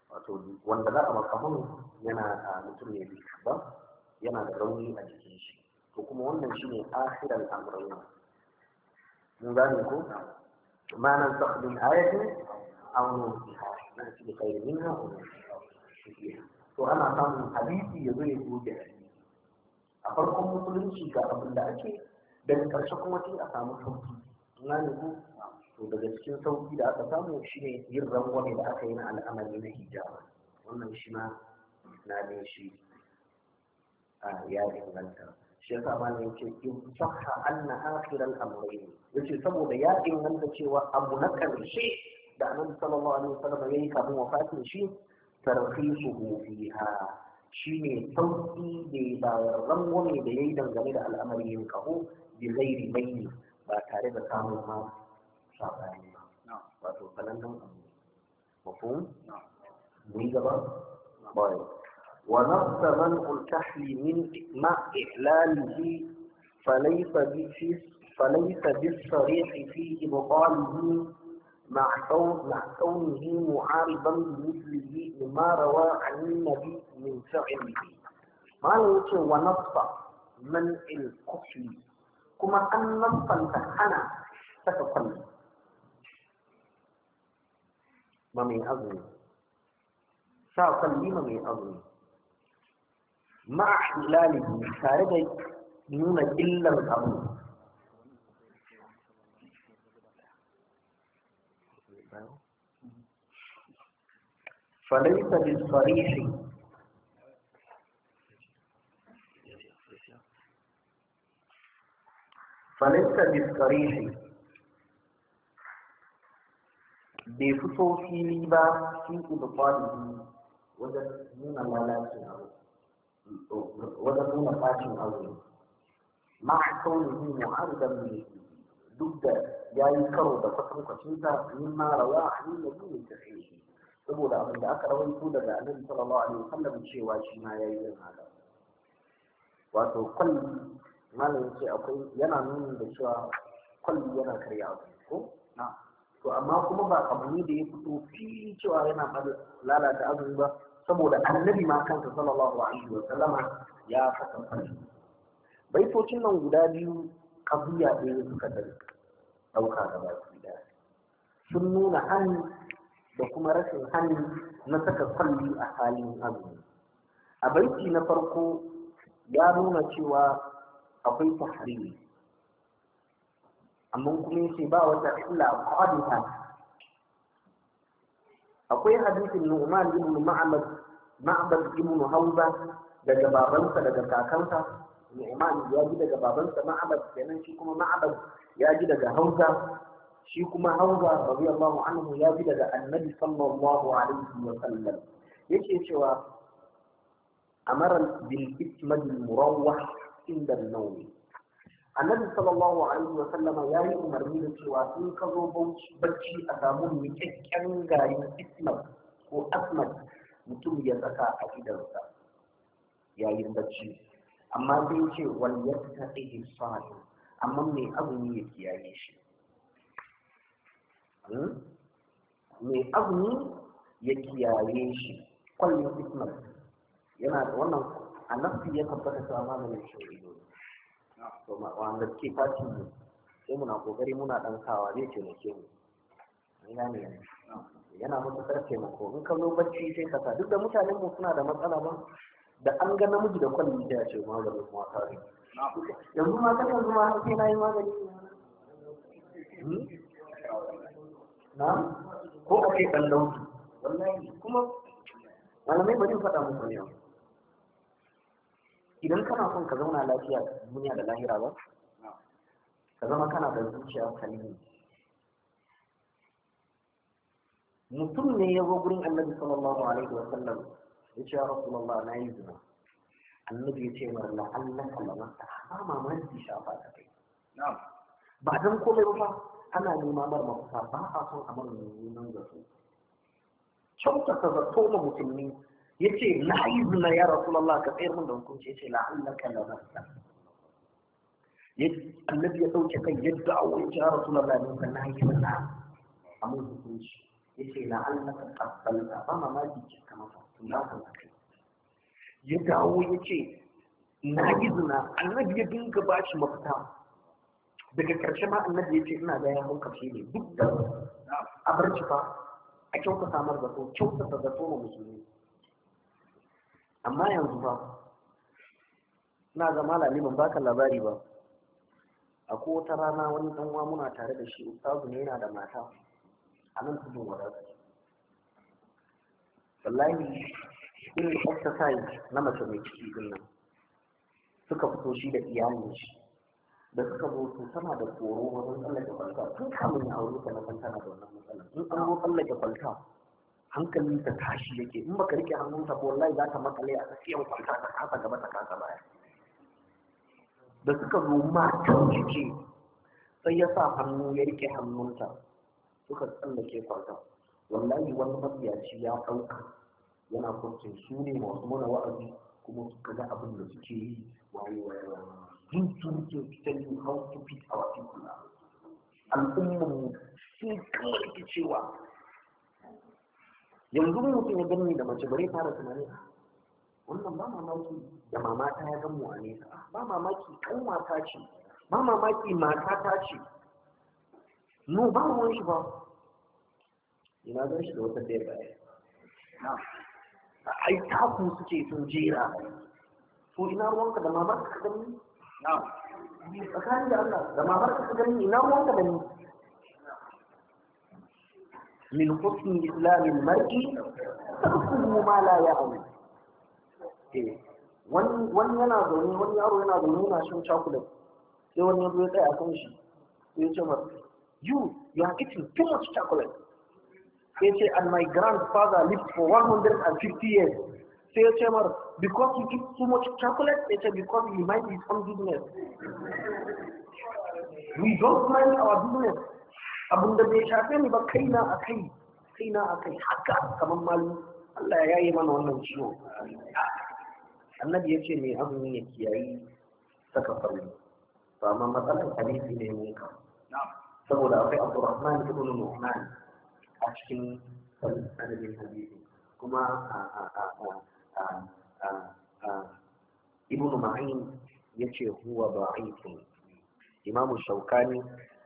wato wanda za a makamun yana a mutum ne bi ba yana da rauni a jikin shi to kuma wannan shi shine akhiral amrayn mun gane ko ma sabbin taqdim ayatin aw nunsiha na shi da kai minha aw to ana samun hadisi ya zo ya goge a farkon musulunci ga abin da ake dan karshe kuma sai a samu sauki mun gane ko to daga cikin sauki da aka samu shi ne yin rangwame da aka yi na al'amari na hijaba wannan shi ma na ne shi a ya inganta shi yasa ma ne yake in sahha anna akhiral amrayn yace saboda ya inganta cewa abu na karshe da annabi sallallahu alaihi wasallam yi kafin wafatin shi tarhisuhu fiha ne sauki da ba rangwame da ya yi dangane da al'amarin kaho bi ghairi bayni ba tare da samun ma saɓani ba wato kalandun abu mafhum mun gaba bai wa nafsa man ultahli min ma ihlalihi falaysa bi fi فليس بالصريح في إبطاله مع كونه معارضا بمثله لما روى عن النبي من فعله ما يوتي ونص من الكفر كما أن نصا فحنا فتقل ممي أغني ساقل لي ممي أغني مع حلاله ساردي نون إلا الأمر فليس بالصريح فليس بالصريح bai fito fili ba da kwalibi wajen nuna lalacin aure wajen nuna fashin aure ma har mu'aridan min duk da ya yi karo da kwatankwacin sa min ma rawa an da ke shi saboda abin da aka rawaito daga annabi sallallahu alaihi wasallam cewa shi ma yi yin haka wato kwalli malamin ce akwai yana nuni da cewa kwalli yana karya aure ko na'am to amma kuma ba kamani da ya fito fiye cewa yana lalata azumi ba saboda annabi ma kansa sallallahu alaihi wa sallama ya fari. baitocin nan guda biyu kabiya ɗaya suka ɗauka da baki da sun nuna hannu da kuma rashin hannu na saka salli a halin azumi a baiti na farko ya nuna cewa akwai tahrimi amma kuma yace ba wata illa qadiha akwai hadisin Nu'man ibn Ma'bad Ma'bad ibn Hawza daga babansa daga kakansa Nu'man ya ji daga babansa Ma'bad kenan shi kuma Ma'bad ya ji daga Hawza shi kuma Hawza radiyallahu anhu ya ji daga Annabi sallallahu alaihi wa sallam yace cewa amara bil ikmal murawwah inda an-nawm annabi sallallahu alaihi wa sallama ya yi umarni da cewa sun ka zo bacci a samu kyakkyan garin islam ko asmat mutum ya saka a idarsa yayin bacci amma sai ce wal yattaqihi sahih amma mai ne ya kiyaye shi mai hmm? ne ya kiyaye shi kwallon ismat yana da wannan annabi ya tabbata cewa malamin shari'a Ah, to wanda suke fashi ne sai muna kokari muna dan kawa zai taimake mu ina ne yana matuƙar taimako in ka zo bacci sai ka sa duk da mutanen mu suna da matsala ba da an ga namiji da kwalli da ce maganin kuma kare yanzu ma kasan zuma sai na yi magani hmm? na ko a kai ɗan lauki wallahi kuma malamai bari faɗa muku ne idan kana son ka zauna lafiya duniya da lahira ba ka zama kana da zuciya kalmi mutum ne ya zo gurin annabi sallallahu alaihi wa sallam ya ce ya rasulullah na yi zina annabi ya ce mara la'allaka lamanta ba mamaki shafa da kai ba don komai ba ana nema mar mafita ba a son a mara su. zato kyautata zato ma ne. yace la'izna ya rasulullah ka tsayar mun da hukunci yace la'allaka la nasta annabi ya dauke kan yadda awo ya ya rasulullah ne kan nahi na amma hukunci yace la'allaka qabbalta ba ma ma ki ka fa tunda ka kai ya dawo yace na izina annabi ya dinga ba shi mafita daga karshe ma annabi ya ce ina ga ya hau karshe ne duk da a barci fa a kyautata mar zato kyautata zato ma musulmi amma yanzu ba na ga malami ban baka labari ba a kowace rana wani dan uwa muna tare da shi ustazu ne yana da mata a nan tudun wadatu wallahi irin exercise na mace mai ciki din nan suka fito shi da iyalin shi da suka zo su tana da koro wajen tsallake kwalta tun kamun ya auri ta na kwanta na da wannan matsalar in an zo tsallake kwalta hankalin ta tashi yake in baka rike hannunsa ko wallahi za ka makale a tsakiyar kwanta ta kasa gaba ta kasa baya da suka zo matan jiki sai ya sa hannu ya rike hannunta suka tsallake kwanta wallahi wani mabiyaci ya ɗauka yana kwance su ne masu mana wa'azi kuma suka ga abin da suke yi waye waye waye sun sun ke tell you how to fit our people al'ummar mu sun kawai cewa yanzu mu mutum ya ganni da mace bare fara tunani wannan ba mamaki da mamata ya gan mu a nesa ah, ba mamaki mata ce ba mamaki mata ta ce no ba mu wani shi ba ina gan shi da wata ɗaya baya ai taku suke sun jera to ina ruwanka da mamarka ka gani tsakanin da Allah da mamarka ka gani ina ruwanka da ni من حسن المرء ما لا يعلم wani yana zaune wani yaro yana zaune yana shan chocolate sai wani yanzu ya tsaya kan shi ya ce masa you you are eating too much chocolate sai ce and my grandfather lived for 150 years sai ya ce because you eat too much chocolate sai ce because you mind his own business we don't mind our business abin da bai shafe ni ba kaina a kai kaina a kai haka kamar malu Allah ya yi mana wannan ciwo annabi ya ce mai azumi ya kiyayi saka farli ba ma matsalar hadisi ne ne ka saboda akwai abdurrahman ibn nu'man a cikin sanadin hadisi kuma ibn ma'in ya ce huwa ba'ifun imamu shaukani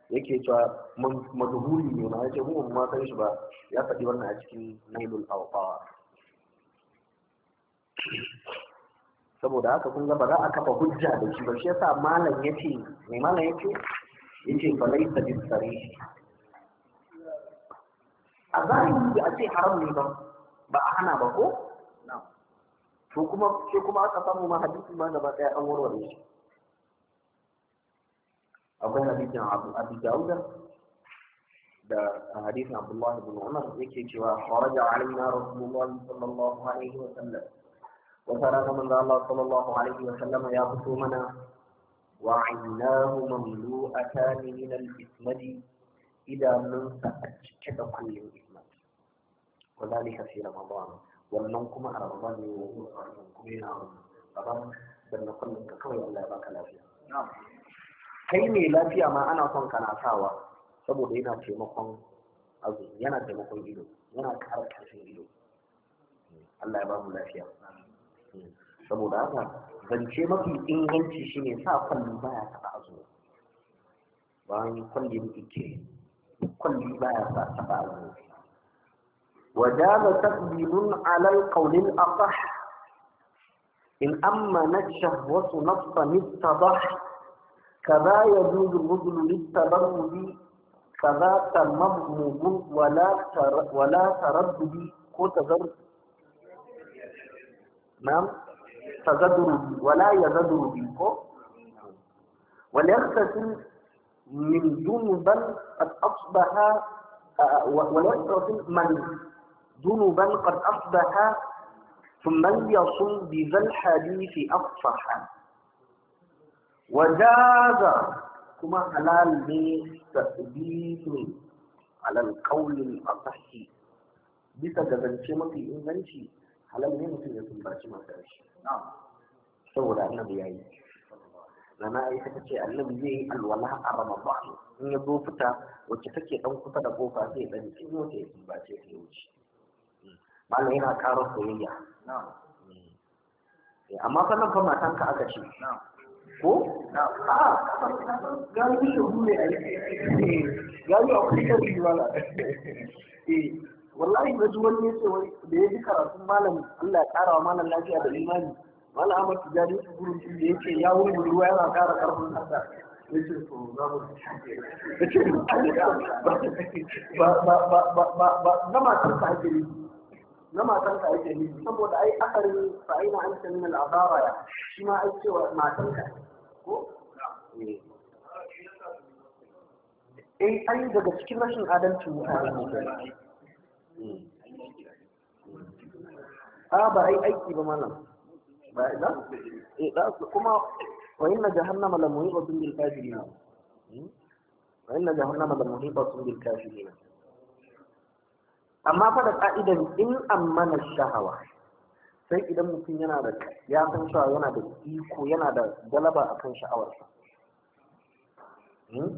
yake cewa madhuri ne ma yake mu ma san shi ba ya faɗi wannan a cikin nailul awqa saboda haka kun ga ba za a kafa hujja da shi ba shi yasa malam yace me malam yace yace fa laysa bis sarih a da ake haram ne ba ba a hana ba ko to kuma sai kuma aka samu ma hadisi ma gaba daya an warware shi akwai hadisin abu dauda da hadisin abdullah ibn umar yake cewa kharaja alaina rasulullahi sallallahu alaihi wa sallam wata rana manzo Allah sallallahu alaihi wa sallam ya fito mana wa aynahu mamlu'atan min al-ismadi idanun sa a cike da kullun ismad wadalika fi ramadan wannan kuma a ramadan ne kuma yana ramadan dan kullun ka kawai Allah ya baka lafiya na'am kai mai lafiya ma ana son kana sawa saboda yana taimakon azumi yana taimakon ido yana ƙara ƙarfin ido Allah ya ba mu lafiya saboda haka zance mafi inganci shine sa kwalli baya taɓa azumi bayan kwalli da ke kwalli baya ta taɓa azumi وجاب تقديم على القول الأصح إن أمنت شهوة نفسا اتضح كما يجوز الغسل للتمرد كما تمرد ولا ولا تردد كو تزرد نعم تزدرد ولا يزدرد كو وليغتسل من جنبا قد أصبح وليغتسل من جنبا قد أصبح ثم ليصم بذا الحديث افصح wajaza kuma halal ne tasbihun alal qawlin asahi bisa ga zance mafi inganci halal ne mutum ya sumbaci masu shi saboda annabi yayi nana aisha ta ce annabi zai yi alwala a ramadan in ya zo fita wacce take dan kusa da kofa zai dan ci zo ta yi sumbace ta wuce malam yana ƙara soyayya amma sannan fa matanka aka ce ko a gari shahu ne a yi eh, gari a kusa riwala eh wallahi na ji wani yace wai da ya ji karatun malam Allah ya kara wa malam lafiya da imani malam Ahmad Tijani su gurin shi da yace ya wuri ruwa yana kara karfin hasa yace to za mu yace ba ba ba ba ba ba na matan ka ake ne na matan ka ake ne saboda ai akarin fa aina anta min al-abara shi ma ai cewa matan ka ko eh ai daga cikin rashin adalci mutane ne a ah, ba ai aiki ba malam ba eh, da E da kuma wa inna jahannama la muhibatun bil kafirin hmm? wa inna jahannama la muhibatun bil kafirin amma fa da ka'idan in ammana shahawa sai idan mutum yana da ya san cewa yana da iko yana da galaba kan sha'awarsa hmm?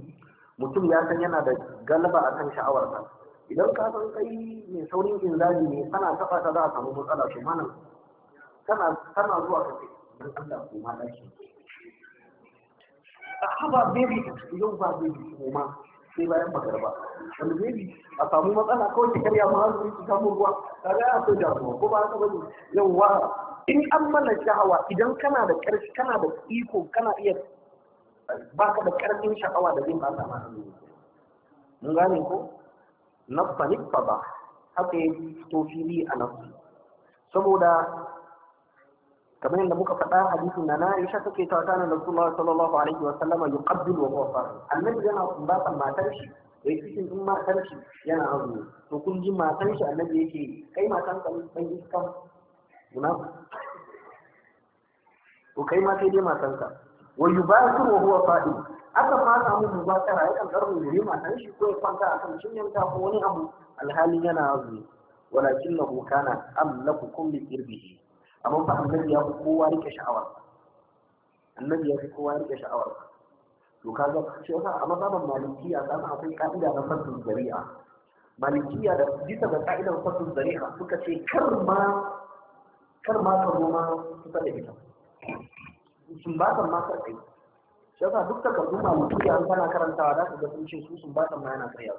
mutum ya san yana da galaba kan sha'awarsa idan ka san kai mai saurin inzali ne kana taba ta za a samu matsala to mana kana kana zuwa ka ce dan Allah ko ma daki a haba baby yau ba baby ko ma sai bayan magarba wanda zai a samu matsala kawai ta karya mu hanzari ki samu ruwa ta ga ya so damuwa ko ba haka bane yawwa in an mana sha'awa idan kana da ƙarfi kana da iko kana iya ba ka da ƙarfin sha'awa da zai baka ma mun gane ko nafsa nikfa ba haka ya fito fili a nafsi saboda كما ان مكه فدا حديث ان انا عائشه رسول الله صلى الله عليه وسلم يقبل وهو صائم النبي جنا باب ما تمشي ويكفي ثم تمشي جنا عظيم تو كل ما تمشي النبي يجي كي ما كان كان بين كم منافق وكي ما كي دي ما كان كان ويباشر وهو صائم aka ma samu mubashara yakan karbu ne ma dan shi ko fanka akan cin yanka ko wani abu alhalin yana azu walakinahu kana amma ba annabi ya fi kowa rike sha'awar annabi ya fi kowa rike sha'awar to ga shi yasa a maliki malikiya dan akwai ka'ida na fasul zari'a malikiya da bisa ga ka'idar fasul zari'a suka ce kar ma kar ma ka zo ma kusa da ita sun ba ta ma kar kai shi yasa duk takardun malikiya an kana karantawa za ka ga sun ce su sun ba ta ma yana tsaya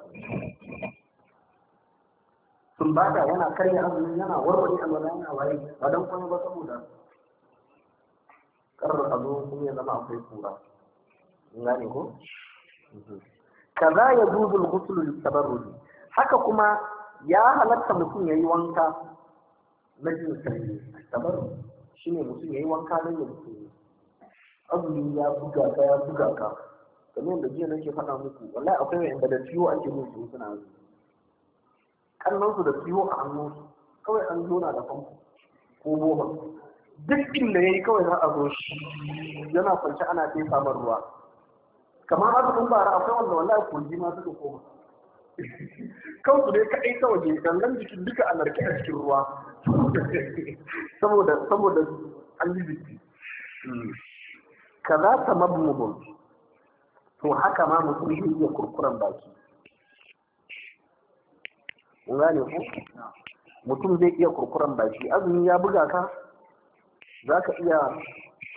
sumbata yana karya azumi yana warware alwala yana waye ba dan kuma ba saboda karar azu kuma ya zama akwai kura ne ko mhm. kaza ya dubu al-ghusl litabarrud haka kuma ya halatta mutum yayi wanka na jin sanyi tabarrud shine mutum yayi wanka na jin sanyi azumi ya buga ka ya buga ka kamar yadda jiya nake faɗa muku wallahi akwai wa'anda da ciwo ake musu suna azumi kallonsu da siyo a hannunsu kawai an zo na da famfo ko goma duk inda ya yi kawai za a zo shi yana kwanci ana kai samar ruwa kamar azumin bara akwai wanda wallahi kogi ma suka koma kansu ne kaɗai ta waje gangan jikin duka a narke a cikin ruwa saboda saboda an yi jiki za ta mabu mabu to haka ma mutum zai iya kurkuren baki kun gane ku mutum zai iya kurkuran baki azumi ya buga ka za ka iya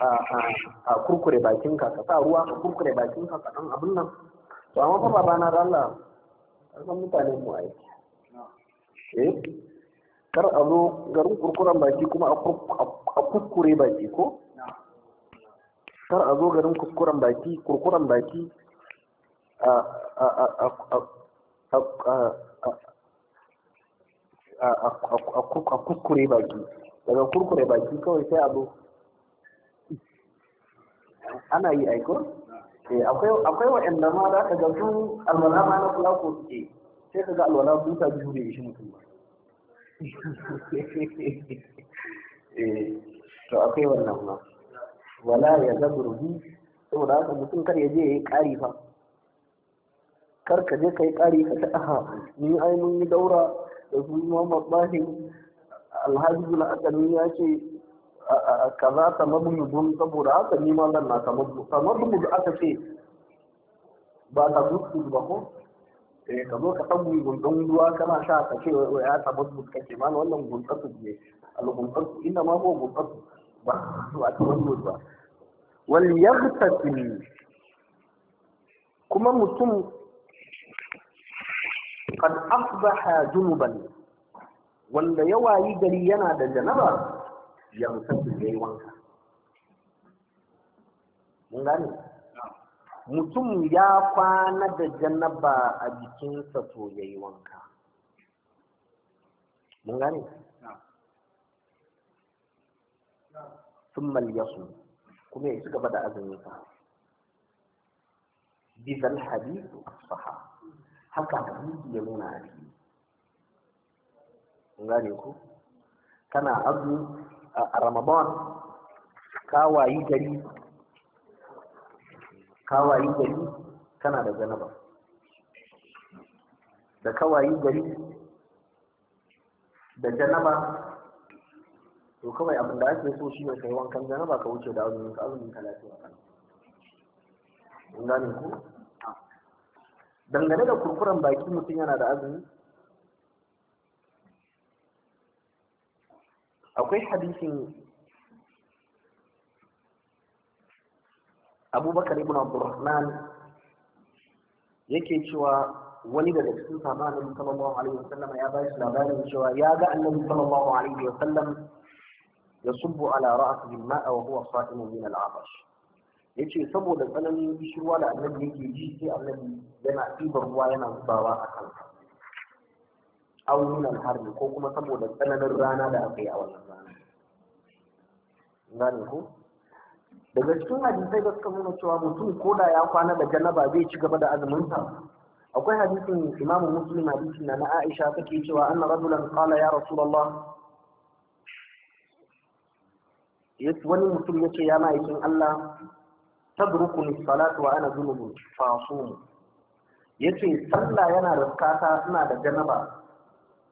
a kurkure bakinka ka sa ruwa ka kurkure bakinka ka kaɗan abin nan to amma fa babana da Allah san mutane mu ai eh kar a zo garin kurkuren baki kuma a kuskure baki ko kar a zo garin kurkuren baki kurkuren baki a a kuskure baki daga kurkure baki kawai sai abu ana yi aiko eh, akwai waɗanda ma za ka ga su alwala ma na kula ko suke sai ka ga alwala buta biyu da shi mutum ba <laughs> eh, to akwai wannan ma wala ya zaburu bi saboda haka mutum kar ya je ya yi ƙari fa kar ka je ka yi ƙari ka ta aha ni ai mun yi daura da su yi mamar Bahin Alhaji Al-Akami ya ce ta kaza tamammubun saboda haka ni ma nan na mu da aka ce ba ta gudu ba ko eh ka zo ka tabu gundun ruwa kana sha ka ce ya ta tamammub kake ma wannan gundatu ne al-gundatu inna ma ko gundatu ba ba tamammub ba wal yaghtasil kuma mutum Kan asbaha junuban wanda ya wayi gari yana da janaba ya musafi yayi wanka mun gane mutum ya kwana da janaba a jikinsa to yayi wanka mun gane kuma ya ci gaba da azumin sa bizal hadithu as haka hadisi ya nuna a fili gane ku kana azumi a ramadan ka gari ka wayi gari kana da janaba da ka wayi gari da janaba to kawai abin da ake so shi ne kai wankan janaba ka wuce da azumin ka azumin ka lafiya kan gane ku dangane da kurkuran baki mutum yana da azumi akwai hadisin abubakar ibn abdurrahman yake cewa wani daga cikin sahaba annabi sallallahu alaihi wasallam ya ba shi labarin cewa ya ga annabi sallallahu alaihi wasallam yasubbu ala ra'sihi al-ma'a wa huwa sa'imun min al-'atash ya ce saboda tsananin gishirwa da annabi yake ji sai annabi yana ɗiban ruwa yana zubawa a kan aunin alharni ko kuma saboda tsananin rana da aka yi a wannan rana gane ko daga cikin hadisai da suka nuna cewa mutum ko da ya kwana da janaba zai ci gaba da azuminsa akwai hadisin imam muslim hadisi na na aisha take cewa anna rajulan qala ya rasulullah wani mutum yace ya ma'aikin Allah tadrukuni salatu wa ana zunubun fasumu yace sallah yana da kata ina da janaba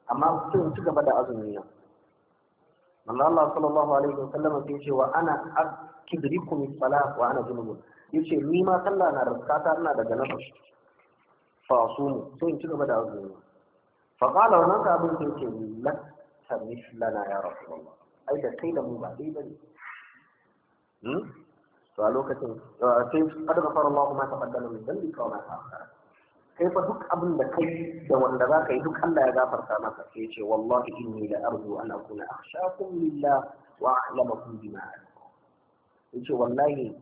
amma sai in ci gaba da azumi na manzo Allah sallallahu alaihi Sallam, sai ce wa ana akidrikum salatu, wa ana junubun yace ni ma sallah na raskata ina da janaba fa asumu sai in ci gaba da azumi fa qala wannan sahabin sai ce lakka mislana ya rasulullah ai da kai da mu ba dai bane to a lokacin eh, sai kada ka fara Allah ma ta faddala min dambi ka ta kai fa duk abin da kai da wanda za ka yi duk Allah ya gafarta maka sai ya ce wallahi inni la arju an akuna akhshakum lillah wa a'lamakum bima yace wallahi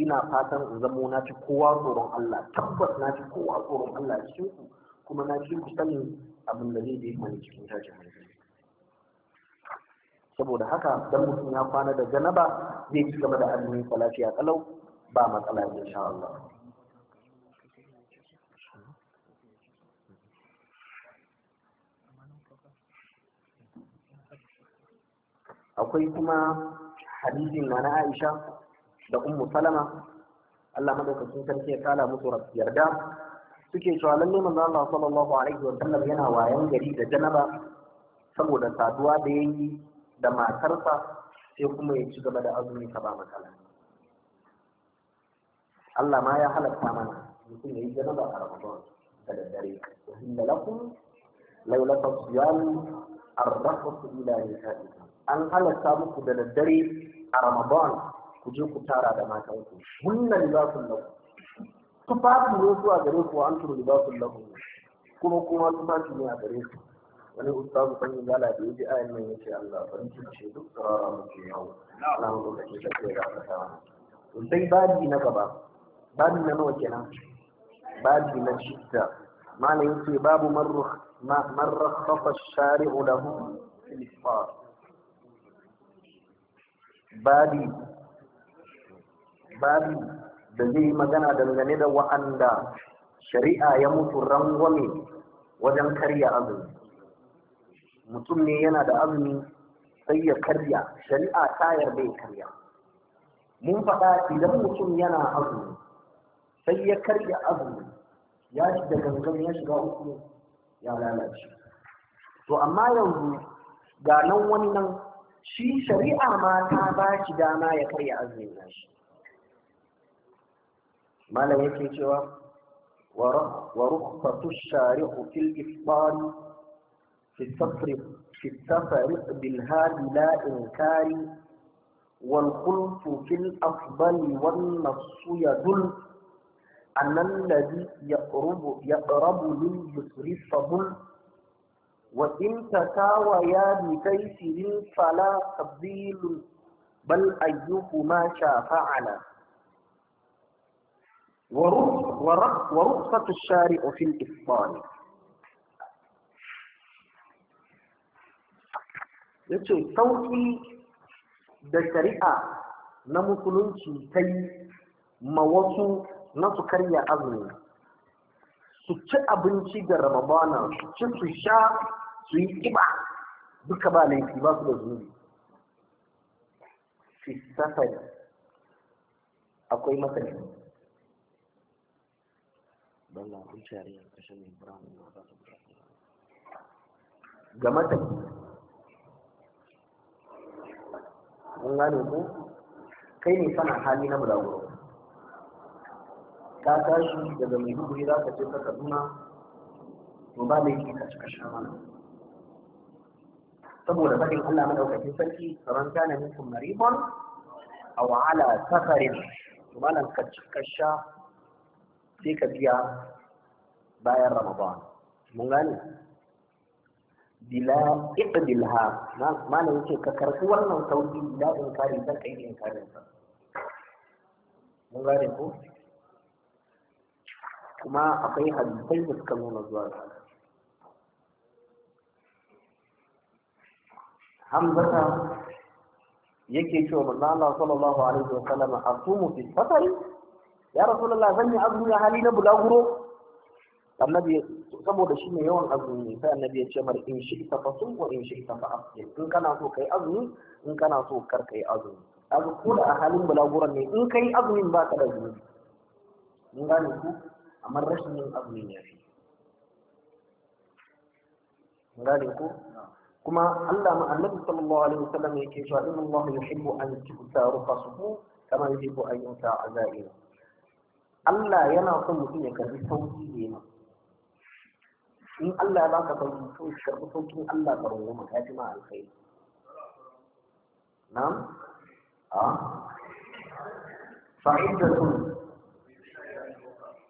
ina fatan in zamo na ci kowa tsoron Allah tabbas na ci kowa tsoron Allah cikin ku kuma na ci ku sanin abin da zai je mana cikin tashin hankali saboda haka dan mutum ya kwana da janaba zai fi gaba da azumin sa lafiya kalau ba matsala insha Allah akwai kuma hadisin na na Aisha da Ummu Salama Allah madaukakin sarki ya kala musu yarda suke cewa lalle manzo Allah sallallahu alaihi wa sallam yana wayan gari da janaba saboda saduwa da yayi da matarsa sai kuma ya ci gaba da azumi ka ba matsala Allah ma ya halatta mana mutum ya yi janaba a Ramadan da daddare wa hinda lakum laulata siyami su ila nisaikum an halatta muku da daddare a Ramadan ku je ku tara da matanku wannan libasun lakum Tufafin ne zuwa gare ku an turu libasun lafi kuma kuma tufafin ne a gare ku wani ustazu kan yi gala da yaji ayan nan yace Allah ban ce duk sarara muke yau Allah mu da kike da ka ta to sai babi na gaba babi na nawa kenan babi na shidda mala yace babu ma marrakhafa shariu lahu fil ifṭar babi babi da zai magana dangane da wa'anda shari'a ya mutu rangwame wajen karya azumi mutum ne yana da azumi sai ya karya shari'a ta yarda ya karya mun faɗa idan mutum yana azumi sai ya karya azumi ya shiga gangan ya shiga uku ya lalace to amma yanzu ga nan wani nan shi shari'a ma ta ba shi dama ya karya azumin nashi malam yake cewa wa rukhsatu shari'u fil ifṭari في التفرق في التفرق بالهاد لا إنكار والخلف في الأفضل والنص يدل أن الذي يقرب يقرب لليسر فضل وإن تساويا بتيسر فلا تبديل بل أيهما شافعنا ورخصة الشارع في الإفطار yace sauƙi da shari'a na musulunci ta yi ma wasu na su karya azumi su ci abinci da ramadana su ci su sha su yi kiba duka ba laifi ba su da zuri fi safari akwai masani Ga da mun gane ku, kai ne kana hali na bulaguro ka tashi daga maiduguri za ka je ka kaduna to ba da yake ka cika sha mana saboda faɗin Allah madaukakin sarki tsaron kana minkum maribon aw ala safarin to nan ka cika sha sai ka biya bayan ramadan mun gane bila iqdil ha malam yace ka karɓi wannan sauki bila inkari dan kai inkarin sa mun gane ko kuma akwai hadisai da suka nuna zuwa hamzata yake cewa manzo Allah sallallahu alaihi wa sallam asumu fi safari ya rasulullah zan yi azumi hali na bulaguro annabi saboda shi ne yawan azumi sai annabi ya ce mar in shi fa sun wa in shi fa fa'afsi in kana so kai azumi in kana so kar kai azumi azu ko da a halin bulaguran ne in kai azumin ba ka da zunubi in gane ku amma rashin yin azumin ya fi in gane ku kuma Allah ma annabi sallallahu alaihi wasallam yake cewa inna Allah yuhibbu an tu'ta rufasuhu kama yuhibbu an yu'ta azairu Allah yana son mutum ya karbi sauki ne in Allah ya baka sauki to shi karɓi saukin Allah ka rungu mu ta ji ma alkhairi na'am a sun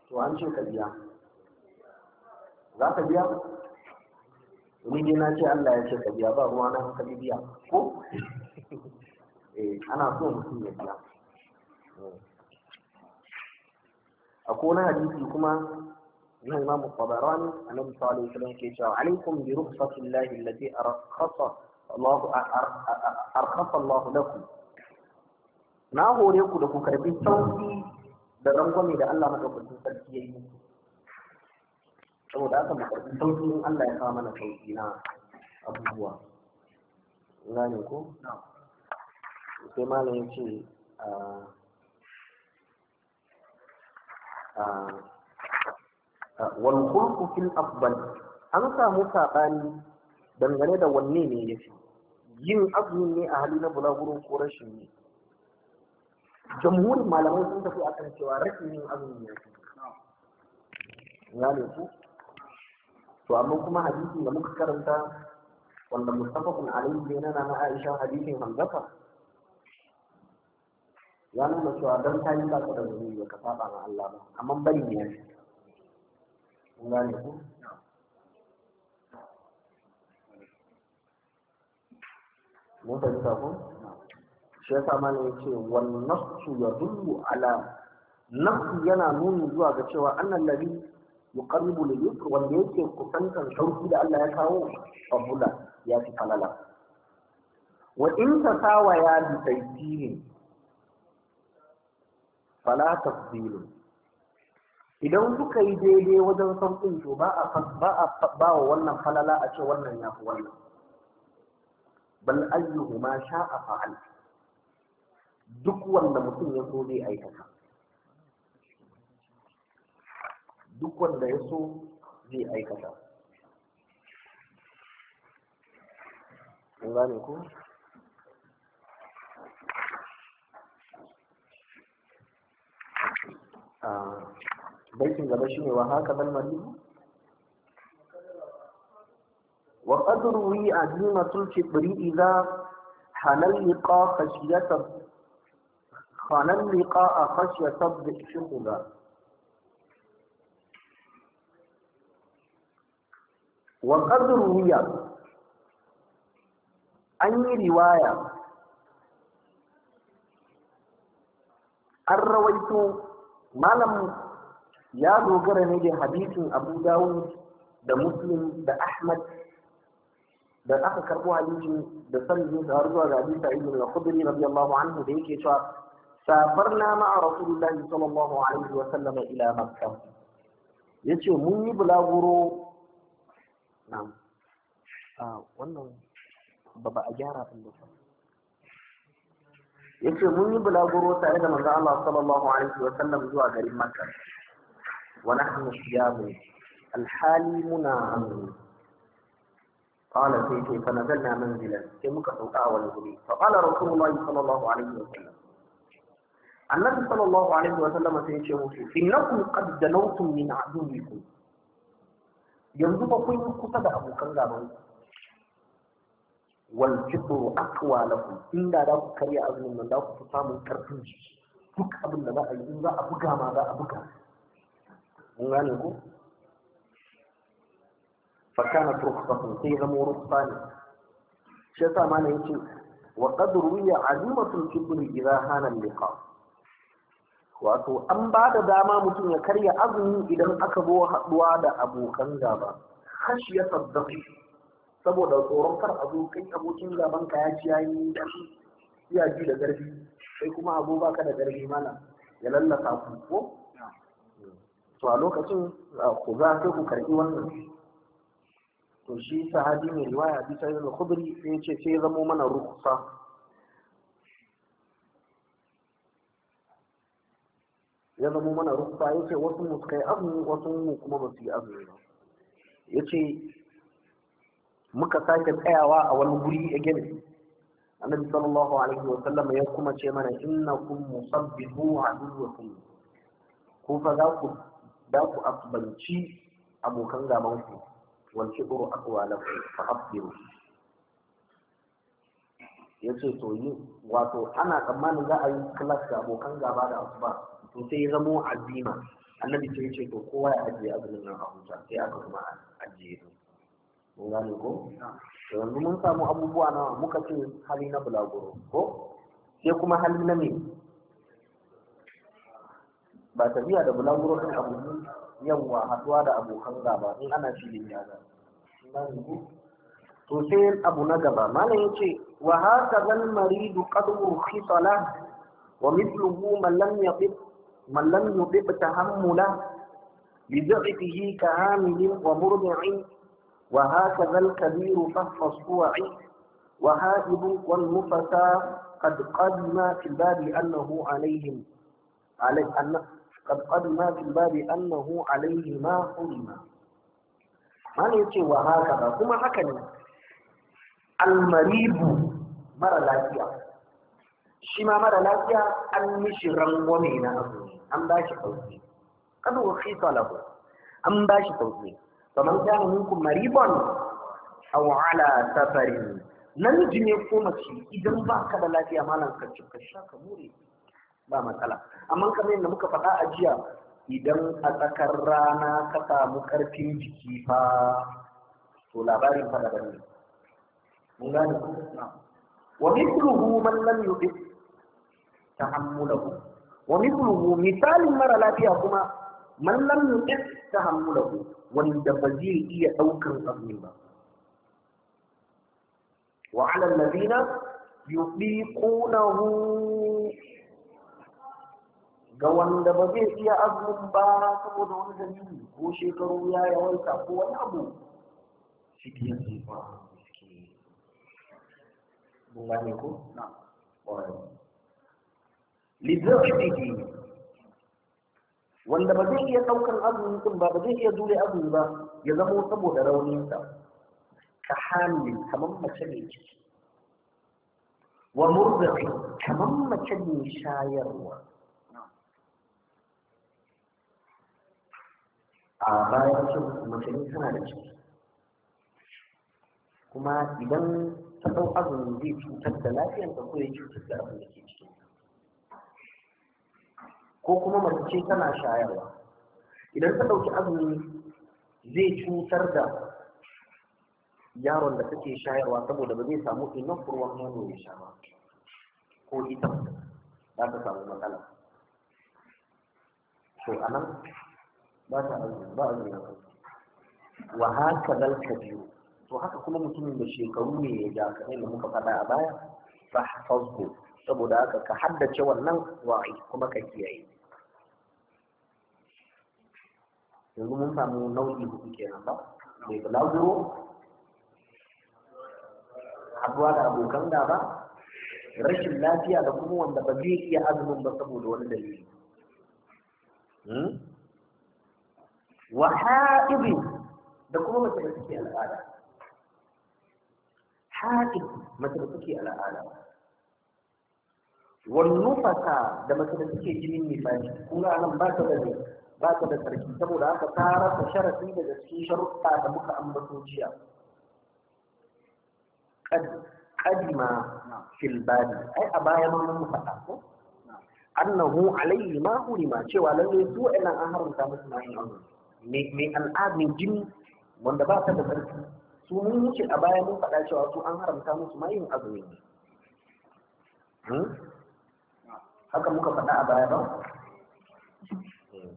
to an ce ka biya za ka biya ni dai na ce Allah ya ce ka biya ba ruwa na ka biya ko <laughs> eh ana so mutum ya biya hmm. a na hadisi kuma من إمام الطبراني النبي صلى الله عليه وسلم كيف عليكم برخصة الله التي أرخص الله أرخص الله لكم na hore ku da ku karbi sauki da rangwame da Allah madaukakin sarki ya yi saboda aka mu karbi sauki in Allah ya kawo mana sauki na abubuwa gane ko sai malam ya ce ah, ah, wal khulqu fil afdal an samu sabani dangane da wanne ne fi? yin abu ne a hali na bulaguro ko rashin ne jamhurin malamai sun tafi akan cewa rashin yin abu ne yafi gane ku to amma kuma hadisin da muka karanta wanda kun alayhi ne na na Aisha hadisin Hamzafa ya nuna cewa don ta yi ba ka da ka saba ma Allah ba amma bari ne gane ku mun shi yasa malam ya ce wan nafsu ala yana nuni zuwa ga cewa annan ladhi yuqarribu lil yusr wanda yake kusantar sauki da Allah ya kawo fabula ya fi falala wa in tasawaya bi tayyirin fala tafdilun idan suka yi daidai wajen sauƙin to ba a ba wa wannan falala a ce wannan ya fi wannan bal ayyuhu ma sha'a fa'al duk wanda mutum ya so zai aikata duk wanda ya so zai aikata gane ku Uh, ah. بيت غبا شنو وهكذا المذهب وقد روي عظيمة الكبري إذا حان اللقاء خشية حان اللقاء خشية الشهداء وقد روي أي رواية أرويت ما لم ya dogara ne da hadisin abu dawud da muslim da ahmad da aka karbo hadisin da sanin da har zuwa ga abi sa'id ibn khudri radiyallahu anhu da yake cewa safarna ma'a rasulillahi sallallahu alaihi wa sallam ila makkah yace mun yi bulaguro na'am a ah, wannan ba ba a gyara din ba yace mun yi bulaguro tare da manzo Allah sallallahu alaihi wa sallam zuwa garin makkah wa nahnu siyamu alhali muna hannu qala sai ce fa nazalna manzilan sai muka sauka a wani guri fa qala rasulullahi sallallahu alaihi wa sallam annabi sallallahu alaihi wa sallam sai ya ce musu innakum qad danawtum min aduwikum yanzu ba kun yi kusa da abokan gaban wal jibru aqwa lakum inda da ku karya azumin nan fi samun karfin duk abin da za yi in za a buga ma za buga mun gane ku fakana rukhsatun sai zama rukhsa ne shi yasa malam yace wa ya ruwiya azimatul kibri idha hana liqa wato an ba da dama mutum ya karya azumi idan aka zo haduwa da abokan gaba ya saddaqi saboda tsoron kar abokan abokin gaban ka ya ci yayi ya ji da garbi sai kuma abu baka da garbi mana ya lallasa ku ko to a lokacin ku za sai ku karɓi wannan to shi sahabi mai riwaya bisa yin khudri sai ce sai ya zamo mana rukusa ya zamo mana rufa ya ce wasu mu kai azumi wasu mu kuma ba su yi azumi ba ya ce muka sake tsayawa a wani guri a gini annabi sallallahu alaihi wa sallam ya kuma ce mana innakum musabbihu aduwwakum ku fa za ku da ku abbanci abokan gaban ku wal kibru aqwalakum fa asbiru yace to yi wato ana tsammanin za a yi class da abokan gaba da asuba to sai ya zamo azima annabi sai yace to kowa ya ajiye azumin nan a huta sai aka kuma ajiye su mun gane ko to yanzu mun samu abubuwa na muka ce hali na bulaguro ko sai kuma hali na me ba ta biya da bulaguro din abu yawwa haɗuwa da abokan gaba in ana filin ya to sai abu na gaba malam yace wa haka zal maridu qad urkhisala wa mithluhu man lam yaqib man lam yudib tahammula bi ka ka'amil wa murdi'in wa haka zal kabiru fahfas huwa'i wa haibun wal mufasa قد قدم في الباب أنه عليهم عليه قد قدم في الباب أنه عليه ما حرم ما يتي وهكذا كما هكذا المريض مرة لافية شما مرة لافية أن مشرم ومين أبوه أم باش توزي قد وخيص له أم باش توزي فمن كان منكم مريضا أو على سفر namiji ne ko mace idan ba ka da lafiya malam ka ka sha ka more ba matsala amma kamar yadda muka faɗa a jiya idan a tsakar rana ka samu ƙarfin jiki fa to labarin fa da ne mun gane wa mithluhu man lam yudib tahammulahu wa mithluhu misalin mara lafiya kuma man lam yudib tahammulahu wanda ba zai iya ɗaukar abu ba wa ala na hu? gawan da ba zai iya azumin ba saboda wani dalili ko shekaru ya yawaita ko wani abu shi ya ce ba suke bunga ne ko na lizafihi wanda ba zai iya ɗaukar azumin din ba ba zai iya jure azumin ba ya zama saboda raunin sa ka hamil kamar mace mai ciki wa murzafi kamar mace mai shayarwa a bayan cin mutum tana da ciki kuma idan ta ɗau azumi zai cutar da lafiyarta ko ya cutar da abin da ke ciki ko kuma mace ce tana shayarwa idan ta ɗauki azumi zai cutar da yaron da take shayarwa saboda ba zai samu enough ruwan nono ya sha ba ko ita za ta samu matsala to anan ba ta ba a na wa haka dal kabiru to haka kuma mutumin da shekaru ne ya ja kamar da muka faɗa a baya fa hafazhu saboda haka ka haddace wannan wa'i kuma ka kiyaye yanzu mun samu nau'i hudu kenan ba mai bulaguro haduwa da abokan da ba, rashin lafiya da kuma wanda ba zai iya azumin ba saboda wani dalili hmm? وحائض دكم متبتكي على الآلة حائض متبتكي على الآلة والنفسة دا متبتكي جنين نفاج كورا لم باتا بذي باتا بتركي تبو لا تتارا تشارك ميدا جسكي شرطا دمك أمبتوشيا قد قدما نعم. في البادي أي أبايا من نعم. النفسة أنه عليه ما هو لما شوى لن يسوء إلا أهرم تامسنا عن أمبتوشيا mai al'adun jini wanda ba ta da ƙarfi su mun wuce a baya mun faɗa cewa su an haramta musu ma yin azumi ne hmm? haka muka faɗa a baya ba hmm.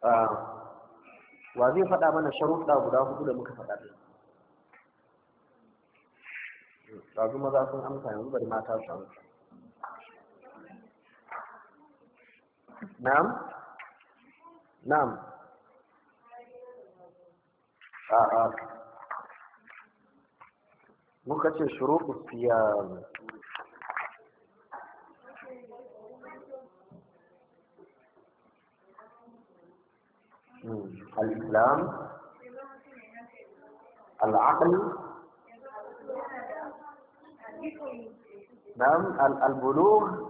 ah, wa zai faɗa mana sharuɗa guda hudu da muka faɗa ɗin hmm, ɗazu maza sun amsa yanzu bari mata su amsa نعم نعم اه muka ce shuruɗu الصيام الإسلام العقل نعم البلوغ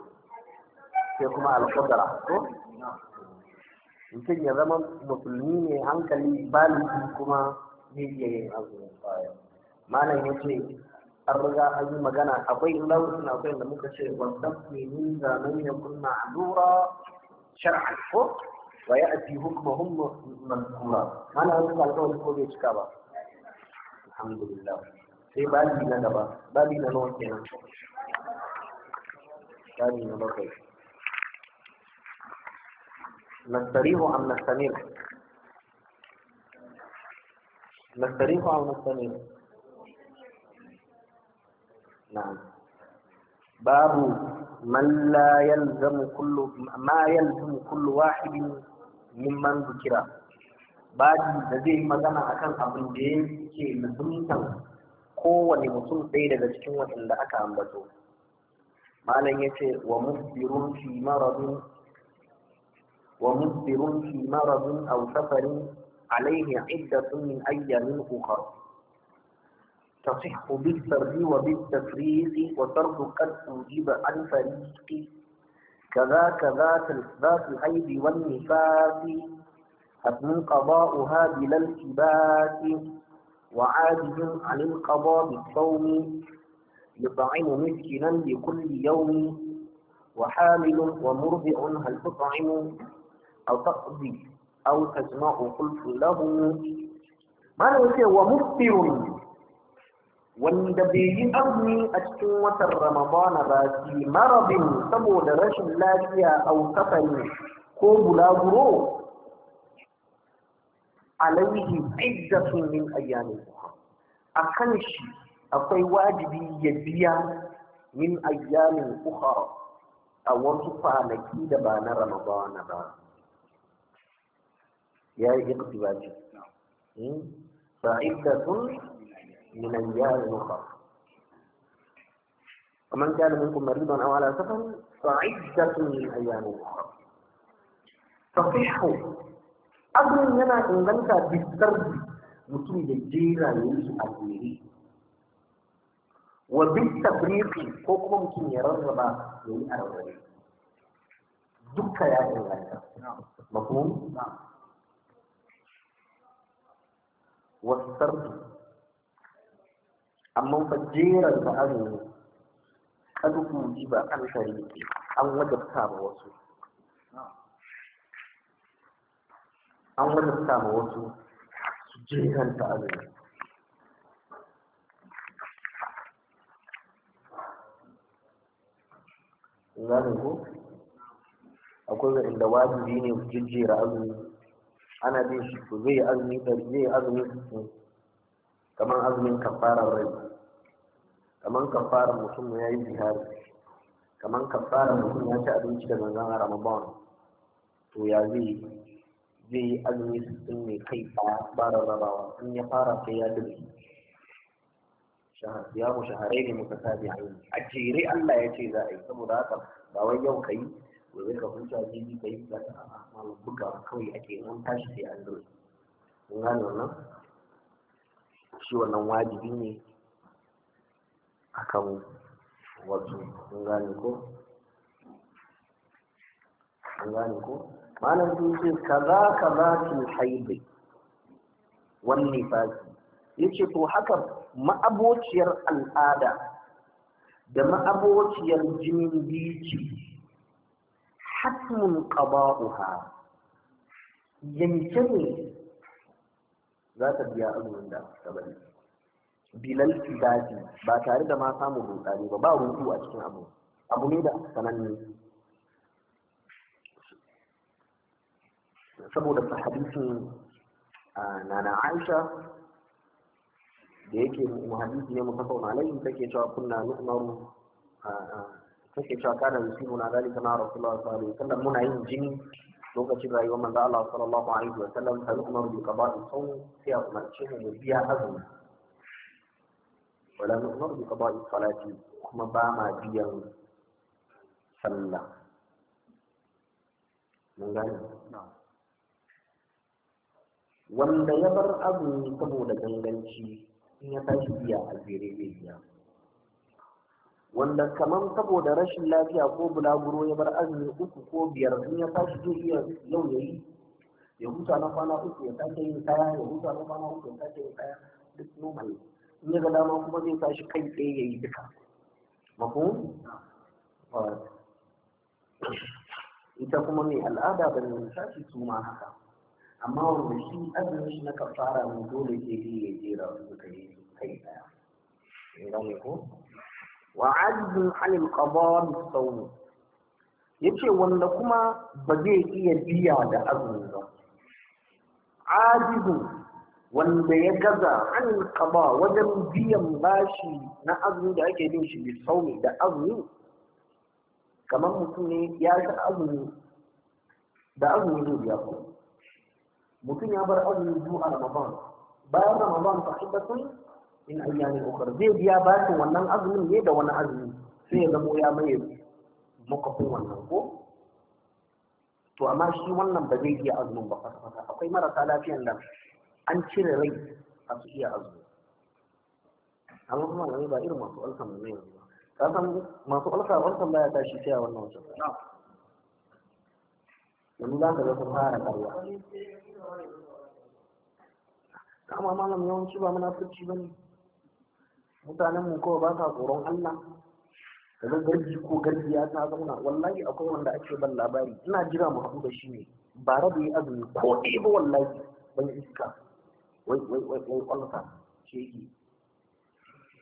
sai kuma alƙudura ko mutum ya zama musulmi ne hankali baliki kuma zai yin azumi malam ya ce an riga an yi magana akwai lausin akwai da muka ce wasan minin zanen ya kunna azura shar'an ko wa ya ati hukumahum mansura mana wani kalkawar ko bai cika ba alhamdulillah sai babi na gaba babi na nawa kenan babi na bakwai نستريح أم نستمر نستريح أو نستمر نعم باب من لا يلزم كل ما يلزم كل واحد ممن ذكر baji da zai magana a kan abin da ya ke lazumtan kowane mutum ɗaya daga cikin waɗanda aka ambato malam ya ce wa musbirun fi maradin ومدبر في مرض أو سفر عليه عدة من أيام أخرى تصح بالسرد وبالتفريق وترك قد أوجب عن فريق كذا كذا ذات الأيدي والنفاق من قضاؤها بلا التباس وعاجز عن القضاء بالصوم يطعم مسكنا لكل يوم وحامل ومرضع هل تطعم أو تقضي أو تجمع قلت له ما نوتي ومفطر wanda bai yi azumi a cikin watan ramadana ba mara marabin saboda rashin lafiya a kafari ko bulaguro alaihi iddatun min ayyami a kan shi akwai wajibi ya biya yin ayyamin kuka a wasu kwanaki da ba na ramadana ba يا اقتباسي إيه؟ فعدة من أيام أخرى ومن كان منكم مريضا أو على سفر فعدة من أيام أخرى تصح أبن إن أنت بالدرب مثل الجيرة يوسف الميري وبالتفريق فوقهم ممكن يرغب من أرغب دكا يا إنسان نعم. مفهوم؟ نعم. wasardu amma fa jeran da azumi kadu ji ba an shariki an wajabta ba wasu an wajabta ba wasu su jeran ta azumi Zanen ko? Akwai inda wajibi ne su jejjera azumi ana bin shi to zai azumi zai azumi kamar azumin kafarar rai kamar kafarar mutum ya yi jihari kamar kafarar mutum ya ci abinci da zanzan a ramadan to ya zai zai yi azumi sittin ne kai ba fara rabawa in ya fara sai ya dubi ya mu shaharai ne muka sabi a jere Allah ya ce za a yi saboda haka ba wai yau ka yi gobe ka huta jibi ka yi bukata a malam buga kawai ake an tashi sai an zama kun gane wannan shi wannan wajibi ne akan wato kun gane ko kun gane ko malam sun ce kaza kaza haibe wani fasi Ya ce to haka ma'abociyar al'ada da ma'abociyar jinin biki hatmun ƙabauha yanke ne za ta biya azumin da ta bari bilal tidadi ba tare da ma samun rudani ba ba rudu a cikin abu abu ne da sananne saboda hadisin nana aisha da yake mu hadisi ne mutafawun alaihi take cewa kunna nu'maru kake cewa kana yusibu na kana na rasulullah sallallahu alaihi wasallam muna yin jini lokacin rayuwar manzo Allah sallallahu alaihi wasallam kuma ka bi da sawm sai a umarce mu mu biya azumi wala umar bi da salati kuma ba ma biyan sallah mun gane wanda ya bar azumi saboda ganganci in ya tashi biya a zai biya wanda kaman saboda rashin lafiya ko bulaguro ya bar azumi uku ko biyar in ya tashi zai iya yau ya yi ya huta na kwana uku ya sake yin kaya ya huta na kwana uku ya sake yin kaya duk normal in ya ga dama kuma zai tashi kai tsaye ya yi duka mafhum ita kuma mai al'ada ba ne tashi su ma haka amma wanda shi azumin shi na kafara ne dole sai ya jera su kai kai tsaya. Ina ne ko? wa ajizun anil qada Ya yace wanda kuma ba zai iya biya da azumi ba ajizun wanda ya gaza anil qada wajen biyan bashi na azumi da ake bin shi bisawm da azumi kamar mutum ne ya ga azumi da azumi zai biya ko mutum ya bar azumi zuwa ramadan bayan ramadan fa hibatun in ayyamin ukar zai biya bashin wannan azumin ne da wani azumi sai ya zamo ya maye makafin wannan ko to amma shi wannan ba zai biya azumin ba kwata akwai marasa lafiyan da an cire rai a su iya azumi amma kuma wani ba irin masu alkan ne yanzu ba kasan masu alkan alkan baya tashi sai a wannan wajen yanzu za ka ga fara karuwa kama malam yawanci ba fuci ba ne mutanen mu kawai ba sa tsoron Allah kaga garji ko garji ya ta zauna wallahi akwai wanda ake ban labari ina jira mu haɗu da shi ne ba rabu ya azumi ko ɗaya ba wallahi ban iska wai wai wai wai ce shege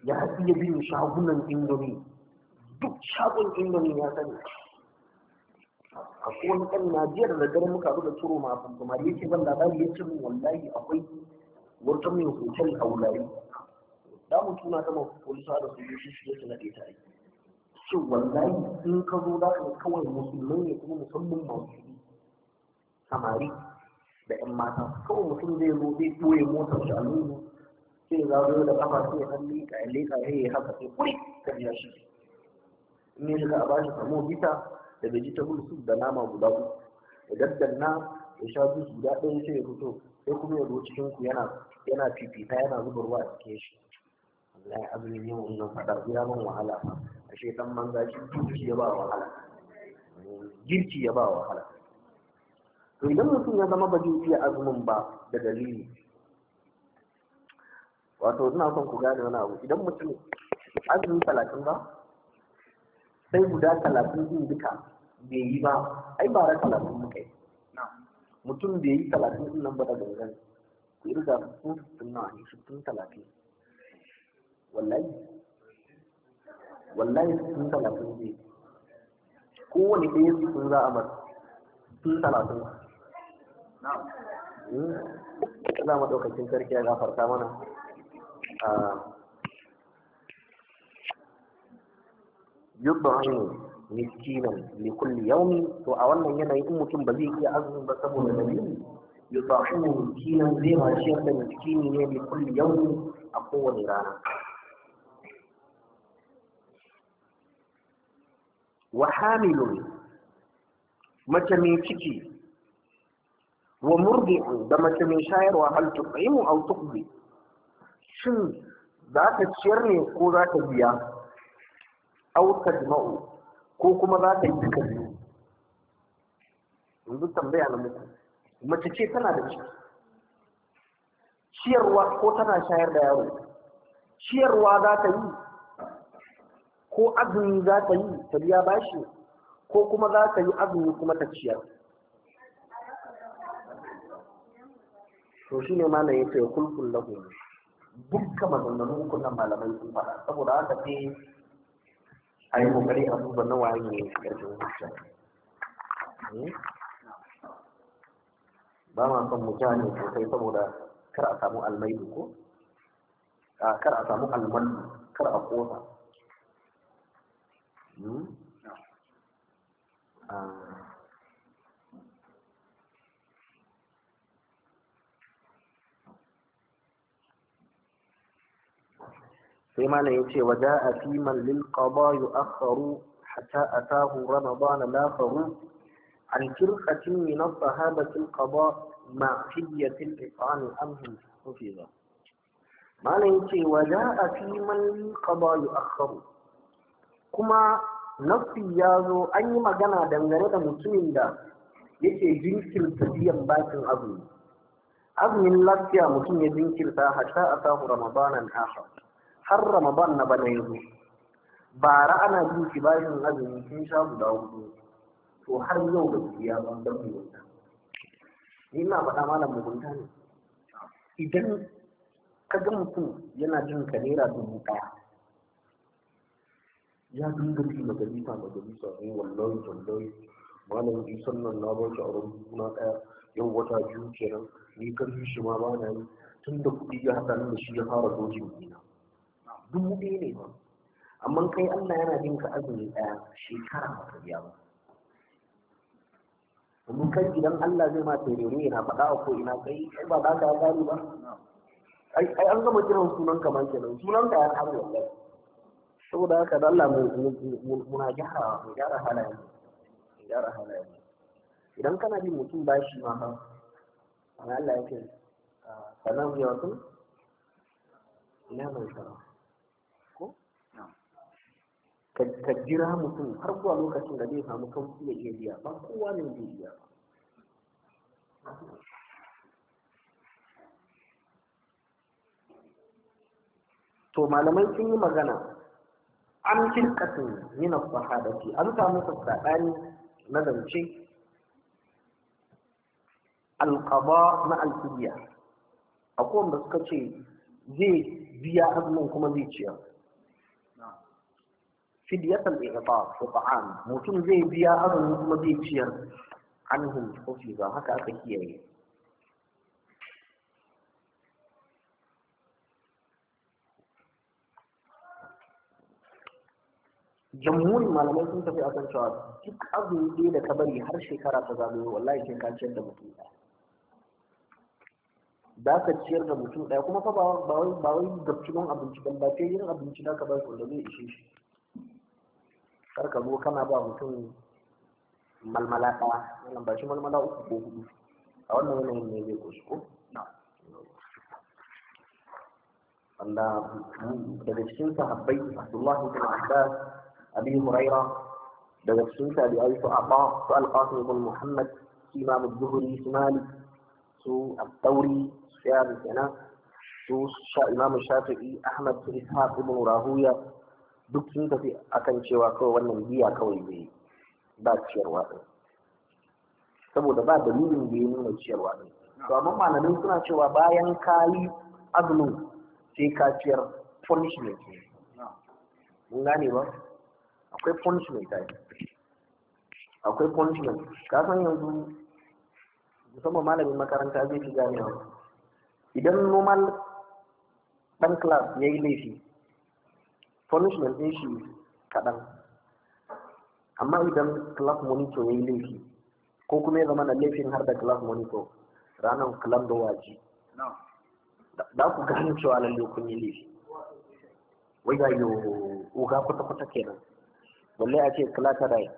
ya ya bin shagunan indomi duk shagun indomi ya sani akwai wani ɗan najiyar da dare muka da turo ma a kamar yake ban labari ya ce min wallahi akwai wata mai hotel a wulari da mu tuna ta mafi polisa da su yi shi ya sanade ta aiki shin wallahi in ka zo da kai kawai musulmai ne kuma musamman masu samari da yan mata kawai mutum zai zo zai ɓoye motar shi a lungu sai ya zo da kafa sai ya kalli ka ya leka ya haka sai kuri ka biya shi in ya shiga a bashi samo bita da vegetable soup da nama guda uku ya daddanna ya sha juice guda ɗaya sai ya fito sai kuma ya zo cikin ku yana yana fifita yana zubarwa a cikin shi la azumin yau in nan fada ya ban wahala fa ashe dan manza shi girki ya ba wahala girki ya ba wahala to idan mutum ya zama ba zai iya azumin ba da dalili wato ina son ku gane wani abu idan mutum azumin talatin ba sai guda talatin din duka bai yi ba ai ba rai talatin muka yi mutum bai yi talatin din nan ba da gangan ku irga sun sittin nawa ne sittin talatin wallahi wallahi sun talatin ne kowane ɗaya sun za a mar sun talatin na hmm. maɗaukacin sarki ya gafarta mana a ah. hannu miskinan kulle kulli ne? to a wannan yanayi in mutum ba zai iya azumi ba saboda yubba hannu miskinan zai ma shi da miskini ne kulle kulli ne a kowane rana wa hamilun mace mai ciki wa murdi'un da mace mai shayarwa hal tuqimu aw tuqbi shin za ta ciyar ne ko za ta biya aw tajma'u ko kuma za ta yi duka biyu yanzu tambaya na muku mace ce tana da ciki ciyarwa ko tana shayar da yaro ciyarwa za ta yi ko azumi za ta yi ta biya bashi ko kuma za ta yi azumi kuma ta ciyar to shi ne mana ya kulkul lahu dukkan maganganun hukunan malamai sun fara saboda haka fi a yi kokari a duba nawa ne karfin hujja hmm? ba ma son mu ja ne sosai saboda kar a samu almai ko kar a samu almai kar a kosa آه. في معنى يتي وداء في من للقضاء يؤخر حتى أتاه رمضان لا الآخر عن فرقة من الصحابة القضاء مع فدية الإطعام أمهم حفظة معنى يتي وداء في من للقضاء يؤخر kuma nafi ya zo an yi magana dangane da mutumin da yake jinkirta biyan bakin azumi azumin lafiya mutum ya jinkirta hatta a sahu ramadanan aha har ramadan na bana yanzu bara ana bin shi bashin azumi sun sha guda hudu to har yau da biya ba don mugunta ni ina faɗa malam mugunta ne idan ka ga mutum yana jin ka naira dubu ɗaya ya dinga bi majalisa majalisa ne wallahi wallahi malam ji sannan na bar shi a rubutuna ɗaya yau wata biyu kenan ni karfi shi ma ba na yi tun da kuɗi ya haɗa da shi ya fara dojin ina dubu ɗaya ne ba amma kai Allah yana bin ka azumi ɗaya shekara ba ka biya ba mu kai idan Allah zai ma ne yana faɗa a ko ina kai ba za ka ya gani ba ai an gama kiran sunan kamar kenan sunan ka ya kare wallahi saboda haka da Allah muna gyara mu gyara halayen mu gyara halayen idan kana bin mutum bashi ma ba amma Allah yake sanan ya ah, wasu ina mai sara ko ka jira mutum har zuwa lokacin da zai samu kamfi ya iya biya ba kowa ne zai biya ba to malamai sun yi magana an firkatin min as-sahabati an samu sabani na zance alqada na alfiya akwai wanda suka ce zai biya azumin kuma zai ciyar fidyatul iqta fi ta'am mutum zai biya azumin kuma zai ciyar anhum hufiza haka aka kiyaye jamhurin malamai sun tafi a kan cewa duk azumi ɗaya da ka bari har shekara ta zagayo wallahi sai ka ciyar da mutum ɗaya da ka ciyar da mutum ɗaya kuma fa ba wai ba wai gabcinon abinci ban ba sai irin abinci da ka ba shi wanda zai ishe shi kar ka zo kana ba mutum malmala ɗaya wannan ba shi malmala uku ko hudu a wannan yanayin ne zai koshi ko Allah daga cikin sahabbai Abdullahi bin Abbas أبي هريرة دغسوك بأي سعطاء سؤال قاسم بن محمد إمام الزهري سمالي سو الثوري سفيان الكنا سو إمام الشافعي أحمد بن إسحاق بن راهوية duk sun tafi akan cewa kawai wannan biya kawai zai ba ciyarwa ɗin saboda ba dalilin da ya nuna ciyarwa ɗin to amma malamin suna cewa bayan ka yi azumin sai ne mun gane ba akwai punishment yi, akwai punishment ka san yanzu musamman malamin makaranta zai fi ganewa idan normal ɗan class ya yi laifi punishment ɗin shi kaɗan amma idan class monitor ya yi laifi ko kuma ya zama na laifin har da class monitor ranar kalan da waji da ku gane cewa lalle kun yi laifi wai ga yi kwata-kwata kenan balle a ce clatterite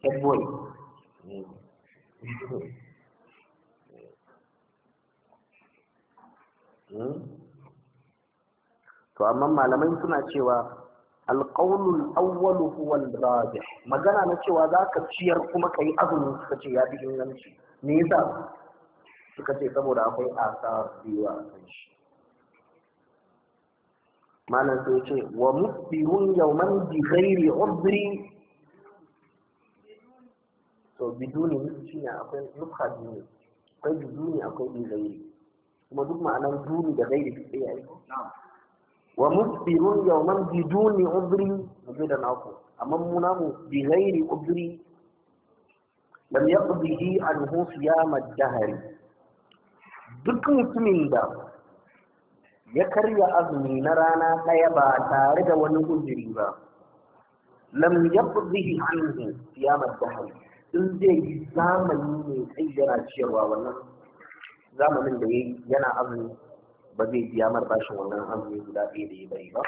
head boy to amma malamai suna cewa alƙaunul awwalu huwa rajih magana na cewa za ka ciyar kuma ka yi azumin suka ce ya fi inganci me yasa suka ce saboda akwai asa biyu a kan shi malam sai ce wa musbirun yawman bi ghairi udri to biduni shine akwai nukha biyu akwai biduni akwai bi ghairi kuma duk ma'anar duni da ghairi duk ɗaya ai wa musbirun yawman biduni udri muje da naku amma mu namu bi ghairi udri lam yaqdihi anhu siyama dahari duk mutumin da ya karya azumi na rana ɗaya ba tare da wani uzuri ba lam yaqdihi anhu siyamad dahr in zai yi zamani ne sai yana ciyarwa wannan zamanin da yayi yana azumi ba zai biya mar bashin wannan azumi guda ɗaya da ya bari ba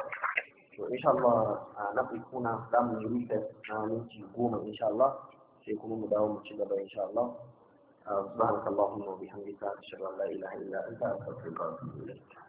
to insha Allah na kuna za mu yi rufe na minti goma insha Allah sai kuma mu dawo mu ci gaba insha Allah سبحانك اللهم وبحمدك أشهد أن لا إله إلا أنت أستغفرك وأتوب إليك